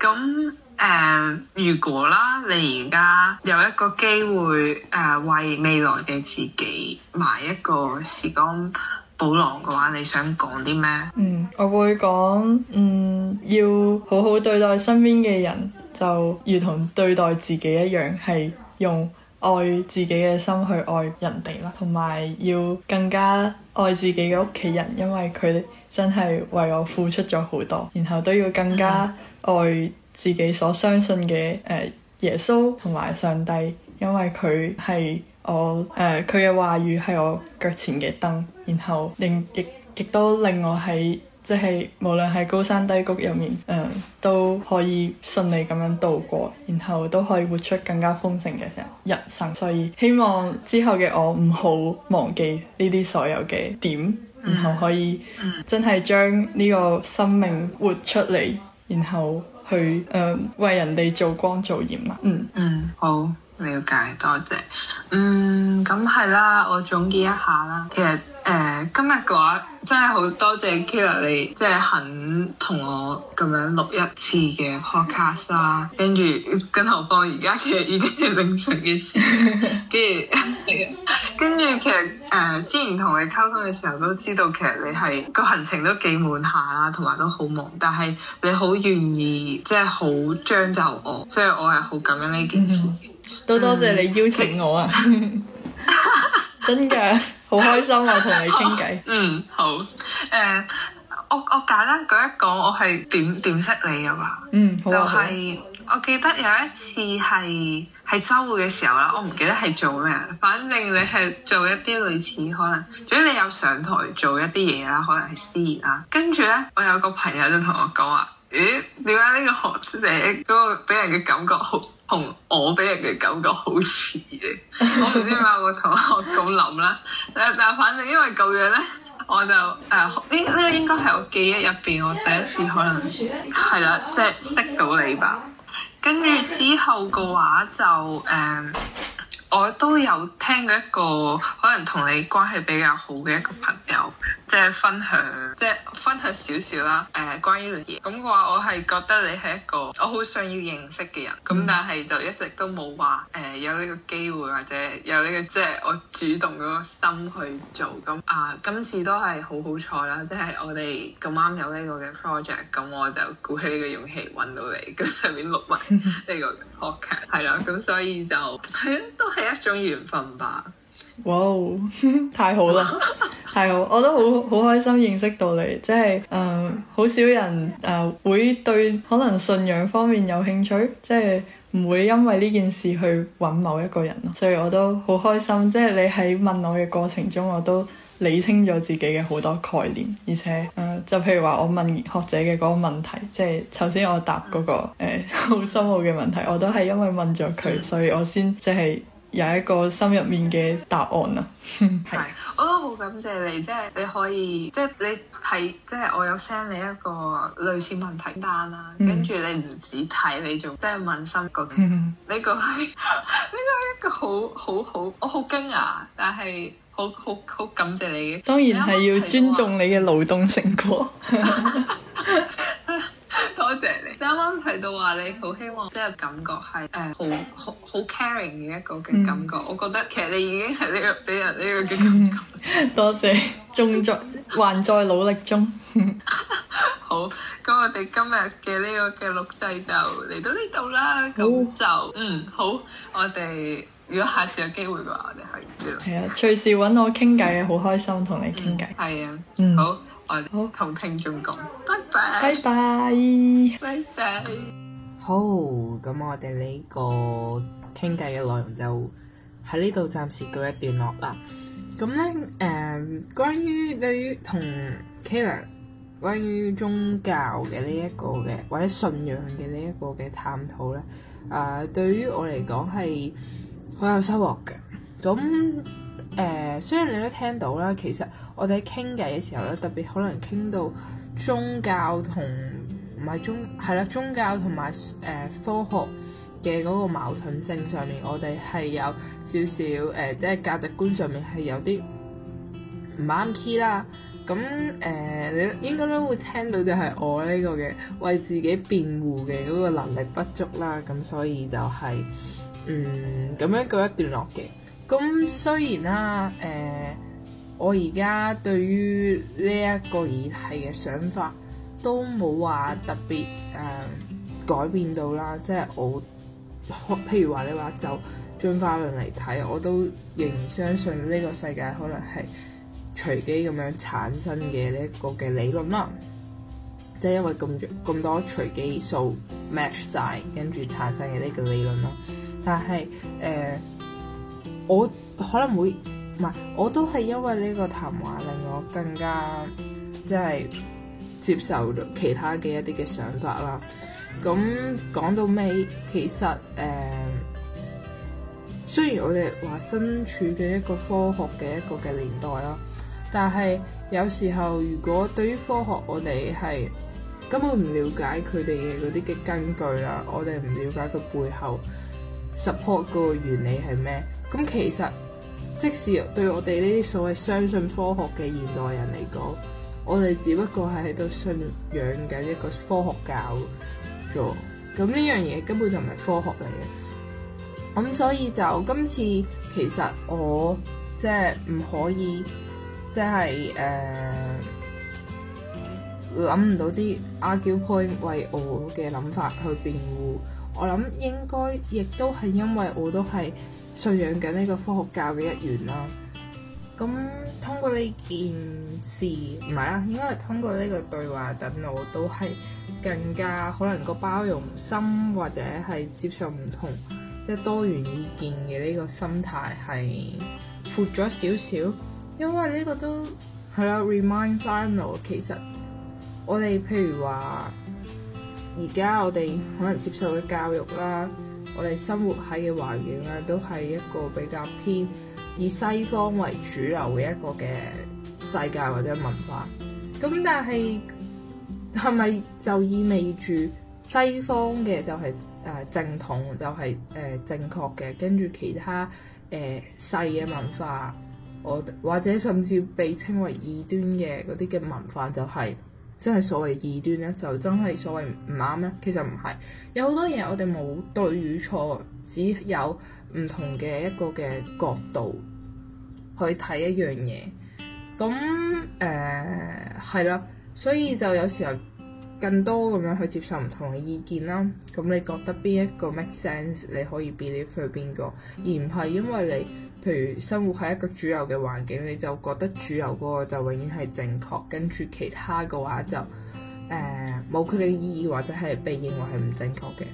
咁誒，如果啦，你而家有一個機會誒，為未來嘅自己埋一個時光寶囊嘅話，你想講啲咩？嗯，
我會講，嗯，要好好對待身邊嘅人，就如同對待自己一樣，係用愛自己嘅心去愛人哋啦，同埋要更加愛自己嘅屋企人，因為佢哋，真係為我付出咗好多，然後都要更加愛自己所相信嘅耶穌同埋上帝，因為佢係我誒，佢嘅話語係我腳前嘅燈，然後令亦都令我喺即係無論喺高山低谷入面、嗯、都可以順利咁樣度過，然後都可以活出更加豐盛嘅人生。所以希望之後嘅我唔好忘記呢啲所有嘅點。然後可以真係將呢個生命活出嚟，然後去誒、呃、為人哋做光做鹽啊！嗯嗯，好。了解，多謝。嗯，咁係啦。我總結
一下啦。其實誒、呃，今日嘅話真係好多謝 Kayla，你即係肯同我咁樣錄一次嘅 podcast 啦。跟住，更何況而家其實已經係凌晨嘅事。 [laughs] 然後 [laughs] 跟住跟住其實誒、呃，之前同你溝通嘅時候，都知道其實你係個行程都幾滿下啦，同埋都好忙。但係你好願意即係好將就我，所以我係好感恩
呢件事。Mm hmm. 都多謝你邀請我啊！真嘅，。 [laughs] 好開心我同你傾偈。嗯，
好。誒、uh, 好，我我簡單講一講我係點點識你嘅嘛。嗯，就係我記得有一次係係周會嘅時候啦，我唔記得係做咩，反正你係做一啲類似可能，總之你有上台做一啲嘢啦，可能係司儀啦。跟住咧，我有個朋友就同我講話。咦？點解呢個學者嗰個俾人嘅感覺，好同我俾人嘅感覺好，感覺好似嘅？ [laughs] 我唔知有冇同學咁諗啦。誒，但係反正因為咁樣咧，我就誒，呢呢個應該係我記憶入邊，我第一次可能係啦，即係、 [laughs] 就是、識到你吧。跟住之後嘅話就誒。呃我都有聽過一個可能同你關係比較好嘅一個朋友，即係分享，即係分享少少啦。誒、呃、關於呢嘢，咁嘅話我係覺得你係一個我好想要認識嘅人，咁但係就一直都冇話誒有呢、呃、個機會或者有呢、呢個即係我主動個心去做。咁啊、呃，今次都係好好彩啦，即係我哋咁啱有呢個嘅 project，咁我就鼓起呢個勇氣揾到你，咁上面錄埋呢個 podcast，係啦，咁所以就係啊，都。
係一種緣分吧。哇、哦，太好啦，太好！我都好好開心認識到你，即係誒，好、呃、少人誒、呃、會對可能信仰方面有興趣，即係唔會因為呢件事去揾某一個人咯。所以我都好開心，即係你喺問我嘅過程中，我都理清咗自己嘅好多概念，而且誒、呃，就譬如話我問學者嘅嗰個問題，即係頭先我答嗰、那個誒好、嗯呃、深奧嘅問題，我都係因為問咗佢，嗯、所以我先即係。有一個心入面嘅答案啦，係
[laughs] 我都好感謝你，即係你可以，即係你係即係我有 send 你一個類似問題單啦，跟住、嗯、你唔止睇，你仲即係問心過，呢、嗯、個係呢、呢個係一個好好好，我好驚訝，但係好好好，好感謝你
嘅。當然係要尊重你嘅勞動成果。 [laughs] [laughs]
多謝你，啱啱提到話你好希望即係、就是、感覺係誒好、呃、好好 caring 嘅一個嘅感覺，嗯、我覺得其實你已經係呢、這個俾人呢個嘅
感覺、嗯、多謝，仲在還在努力中。
[laughs] [laughs] 好，咁我哋今日嘅呢個嘅錄製就嚟到呢度啦，咁、oh. 就嗯好，我哋如果下次有機會嘅話，我哋係
叫係啊，隨時揾我傾偈，好開心同你傾偈。係啊，嗯
好。好，同聽眾講，拜拜，拜拜，拜拜。好，咁我哋呢個傾偈嘅內容就喺呢度暫時告一段落啦。咁咧，誒、呃，關於對於同 Kayla 關於宗教嘅呢一個嘅或者信仰嘅呢一個嘅探討咧，誒、呃，對於我嚟講係好有收穫嘅。咁。誒，雖然、呃、你都聽到啦，其實我哋喺傾偈嘅時候咧，特別可能傾到宗教同唔係宗係啦，宗教同埋誒科學嘅嗰個矛盾性上面，我哋係有少少誒、呃，即係價值觀上面係有啲唔啱 key 啦。咁誒、呃，你應該都會聽到就係我呢個嘅為自己辯護嘅嗰個能力不足啦。咁所以就係、是、嗯咁樣告一段落嘅。咁、嗯、雖然啦，誒、呃，我而家對於呢一個議題嘅想法都冇話特別誒、呃、改變到啦，即係我譬如話你話就進化論嚟睇，我都仍然相信呢個世界可能係隨機咁樣產生嘅呢一個嘅理論啦，即係因為咁咁多隨機數 match 晒跟住產生嘅呢個理論啦。但係誒、呃我可能會唔係，我都係因為呢個談話令我更加即係接受咗其他嘅一啲嘅想法啦。咁講到尾，其實誒、呃，雖然我哋話身處嘅一個科學嘅一個嘅年代啦，但係有時候如果對於科學我哋係根本唔了解佢哋嘅嗰啲嘅根據啦，我哋唔了解佢背後 support 嗰個原理係咩？咁其實，即使對我哋呢啲所謂相信科學嘅現代人嚟講，我哋只不過係喺度信仰緊一個科學教咗。咁呢樣嘢根本就唔係科學嚟嘅。咁所以就今次，其實我即係唔可以，即係誒諗唔到啲 argue point 為我嘅諗法去辯護。我諗應該亦都係因為我都係信仰緊呢個科學教嘅一員啦，咁通過呢件事唔係啦，應該係通過呢個對話，等我都係更加可能個包容心或者係接受唔同即係、就是、多元意見嘅呢個心態係闊咗少少，因為呢個都係、嗯、啦，remind 翻我，其實我哋譬如話而家我哋可能接受嘅教育啦。我哋生活喺嘅環境咧，都係一個比較偏以西方為主流嘅一個嘅世界或者文化。咁但係係咪就意味住西方嘅就係、是、誒、呃、正統、就係，就係誒正確嘅？跟住其他誒細嘅文化，我或者甚至被稱為異端嘅嗰啲嘅文化、就係，就係。真係所謂異端咧，就真係所謂唔啱咧。其實唔係，有好多嘢我哋冇對與錯，只有唔同嘅一個嘅角度去睇一樣嘢。咁誒係啦，所以就有時候更多咁樣去接受唔同嘅意見啦。咁你覺得邊一個 make sense，你可以 believe 去邊個，而唔係因為你。譬如生活喺一個主流嘅環境，你就覺得主流嗰個就永遠係正確，跟住其他嘅話就誒冇佢哋嘅意義，或者係被認為係唔正確嘅。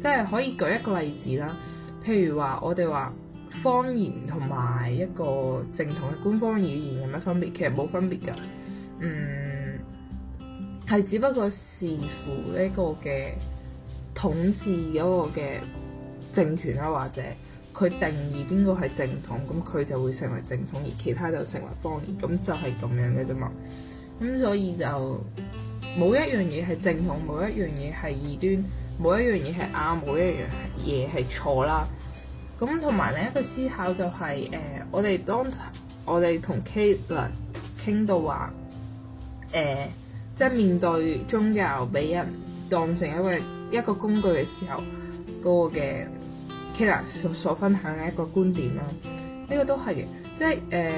即係可以舉一個例子啦，譬如話我哋話方言同埋一個正統嘅官方語言有咩分別？其實冇分別㗎，嗯，係只不過視乎呢個嘅統治嗰個嘅政權啦，或者。佢定義邊個係正統，咁佢就會成為正統，而其他就成為方言，咁就係咁樣嘅啫嘛。咁所以就冇一樣嘢係正統，冇一樣嘢係異端，冇一樣嘢係啱，冇一樣嘢係錯啦。咁同埋另一個思考就係、是、誒、呃，我哋當我哋同 Kayla 傾到話，誒、呃，即、就、係、是、面對宗教俾人當成一個一個工具嘅時候，嗰、那個嘅。啦，所分享嘅一個觀點啦，呢、這個都係嘅，即係誒、呃，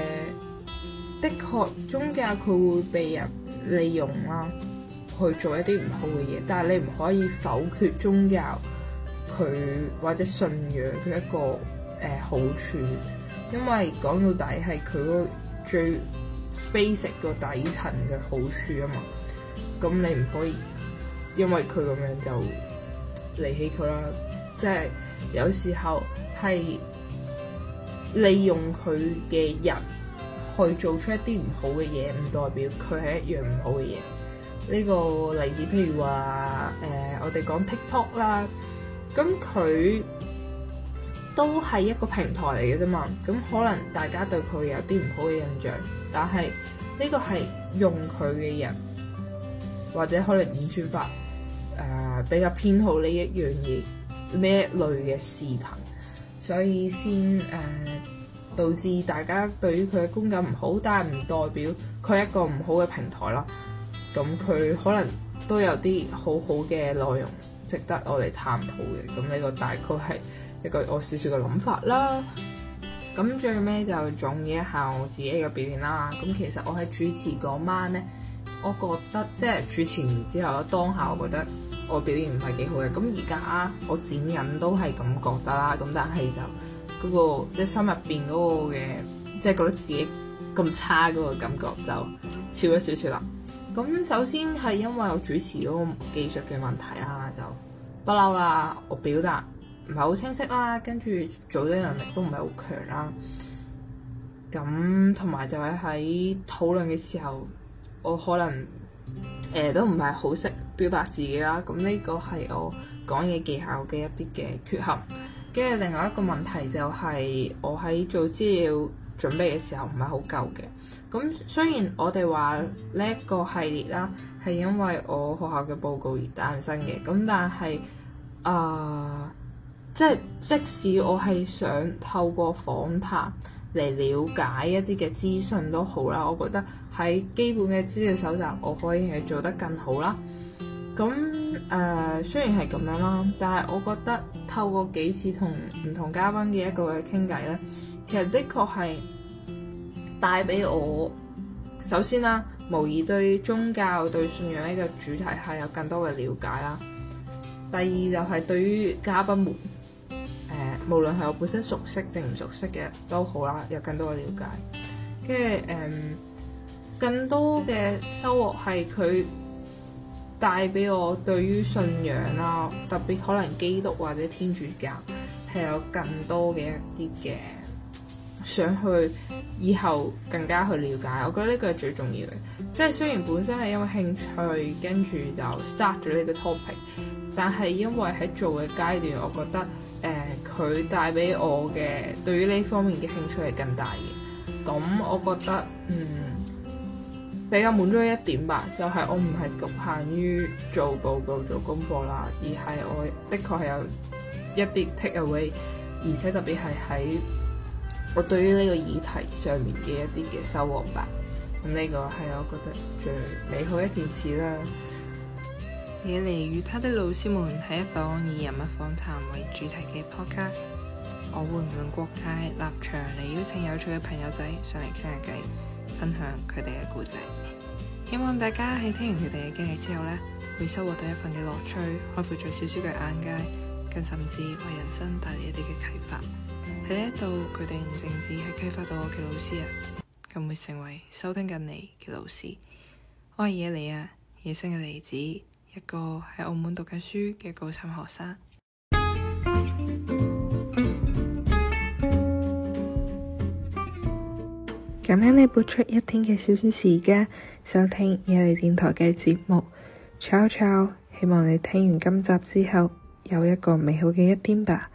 的確宗教佢會被人利用啦，去做一啲唔好嘅嘢，但係你唔可以否決宗教佢或者信仰嘅一個誒、呃、好處，因為講到底係佢嗰最 basic 個底層嘅好處啊嘛，咁你唔可以因為佢咁樣就離棄佢啦，即係。有時候係利用佢嘅人去做出一啲唔好嘅嘢，唔代表佢係一樣唔好嘅嘢。呢、這個例子譬如話，誒、呃、我哋講 TikTok 啦，咁佢都係一個平台嚟嘅啫嘛。咁可能大家對佢有啲唔好嘅印象，但係呢、這個係用佢嘅人或者可能演算法誒、呃、比較偏好呢一樣嘢。咩類嘅視頻，所以先誒、uh, 導致大家對於佢嘅觀感唔好，但係唔代表佢係一個唔好嘅平台啦。咁、嗯、佢可能都有啲好好嘅內容值得我哋探討嘅。咁、嗯、呢、這個大概係一個我少少嘅諗法啦。咁、嗯嗯嗯、最尾就總結一下我自己嘅表現啦。咁、嗯、其實我喺主持嗰晚呢，我覺得即係主持完之後咧，當下我覺得。我表現唔係幾好嘅，咁而家我剪影都係咁覺得啦，咁但係就嗰、那個即係、就是、心入邊嗰個嘅，即、就、係、是、覺得自己咁差嗰個感覺就少咗少了少啦。咁首先係因為我主持嗰個技術嘅問題啦，就不嬲啦，我表達唔係好清晰啦，跟住組織能力都唔係好強啦。咁同埋就係喺討論嘅時候，我可能，誒、呃、都唔係好識表達自己啦，咁、嗯、呢、這個係我講嘢技巧嘅一啲嘅缺陷。跟住另外一個問題就係我喺做資料準備嘅時候唔係好夠嘅。咁、嗯、雖然我哋話呢個系列啦係因為我學校嘅報告而誕生嘅，咁、嗯、但係啊，即係即使我係想透過訪談。嚟了解一啲嘅資訊都好啦，我覺得喺基本嘅資料搜集，我可以係做得更好啦。咁誒、呃，雖然係咁樣啦，但係我覺得透過幾次同唔同嘉賓嘅一個嘅傾偈咧，其實的確係帶俾我，首先啦，無疑對宗教對信仰呢個主題係有更多嘅了解啦。第二就係對於嘉賓們。誒，無論係我本身熟悉定唔熟悉嘅都好啦，有更多嘅了解，跟住誒，更多嘅收穫係佢帶俾我對於信仰啦，特別可能基督或者天主教係有更多嘅一啲嘅想去以後更加去了解。我覺得呢個係最重要嘅，即係雖然本身係因為興趣跟住就 start 咗呢個 topic，但係因為喺做嘅階段，我覺得。誒佢、呃、帶俾我嘅對於呢方面嘅興趣係更大嘅，咁我覺得嗯比較滿足嘅一點吧，就係、是、我唔係局限於做報告、做功課啦，而係我的確係有一啲 take away，而且特別係喺我對於呢個議題上面嘅一啲嘅收穫吧。咁呢、這個係我覺得最美好嘅一件事啦。野梨與他的老師們喺一檔以人物訪談為主題嘅 podcast。我會唔論國界立場嚟，邀請有趣嘅朋友仔上嚟傾下偈，分享佢哋嘅故事。希望大家喺聽完佢哋嘅經歷之後呢，會收穫到一份嘅樂趣，開闊咗少少嘅眼界，更甚至為人生帶嚟一啲嘅啟發。喺呢一度，佢哋唔淨止係啟發到我嘅老師啊，更會成為收聽緊你嘅老師。我係野梨啊，野生嘅梨子。一個喺澳門讀緊書嘅高三學生，感恩你播出一天嘅小小時間，收聽野梨電台嘅節目，炒炒，希望你聽完今集之後有一個美好嘅一天吧。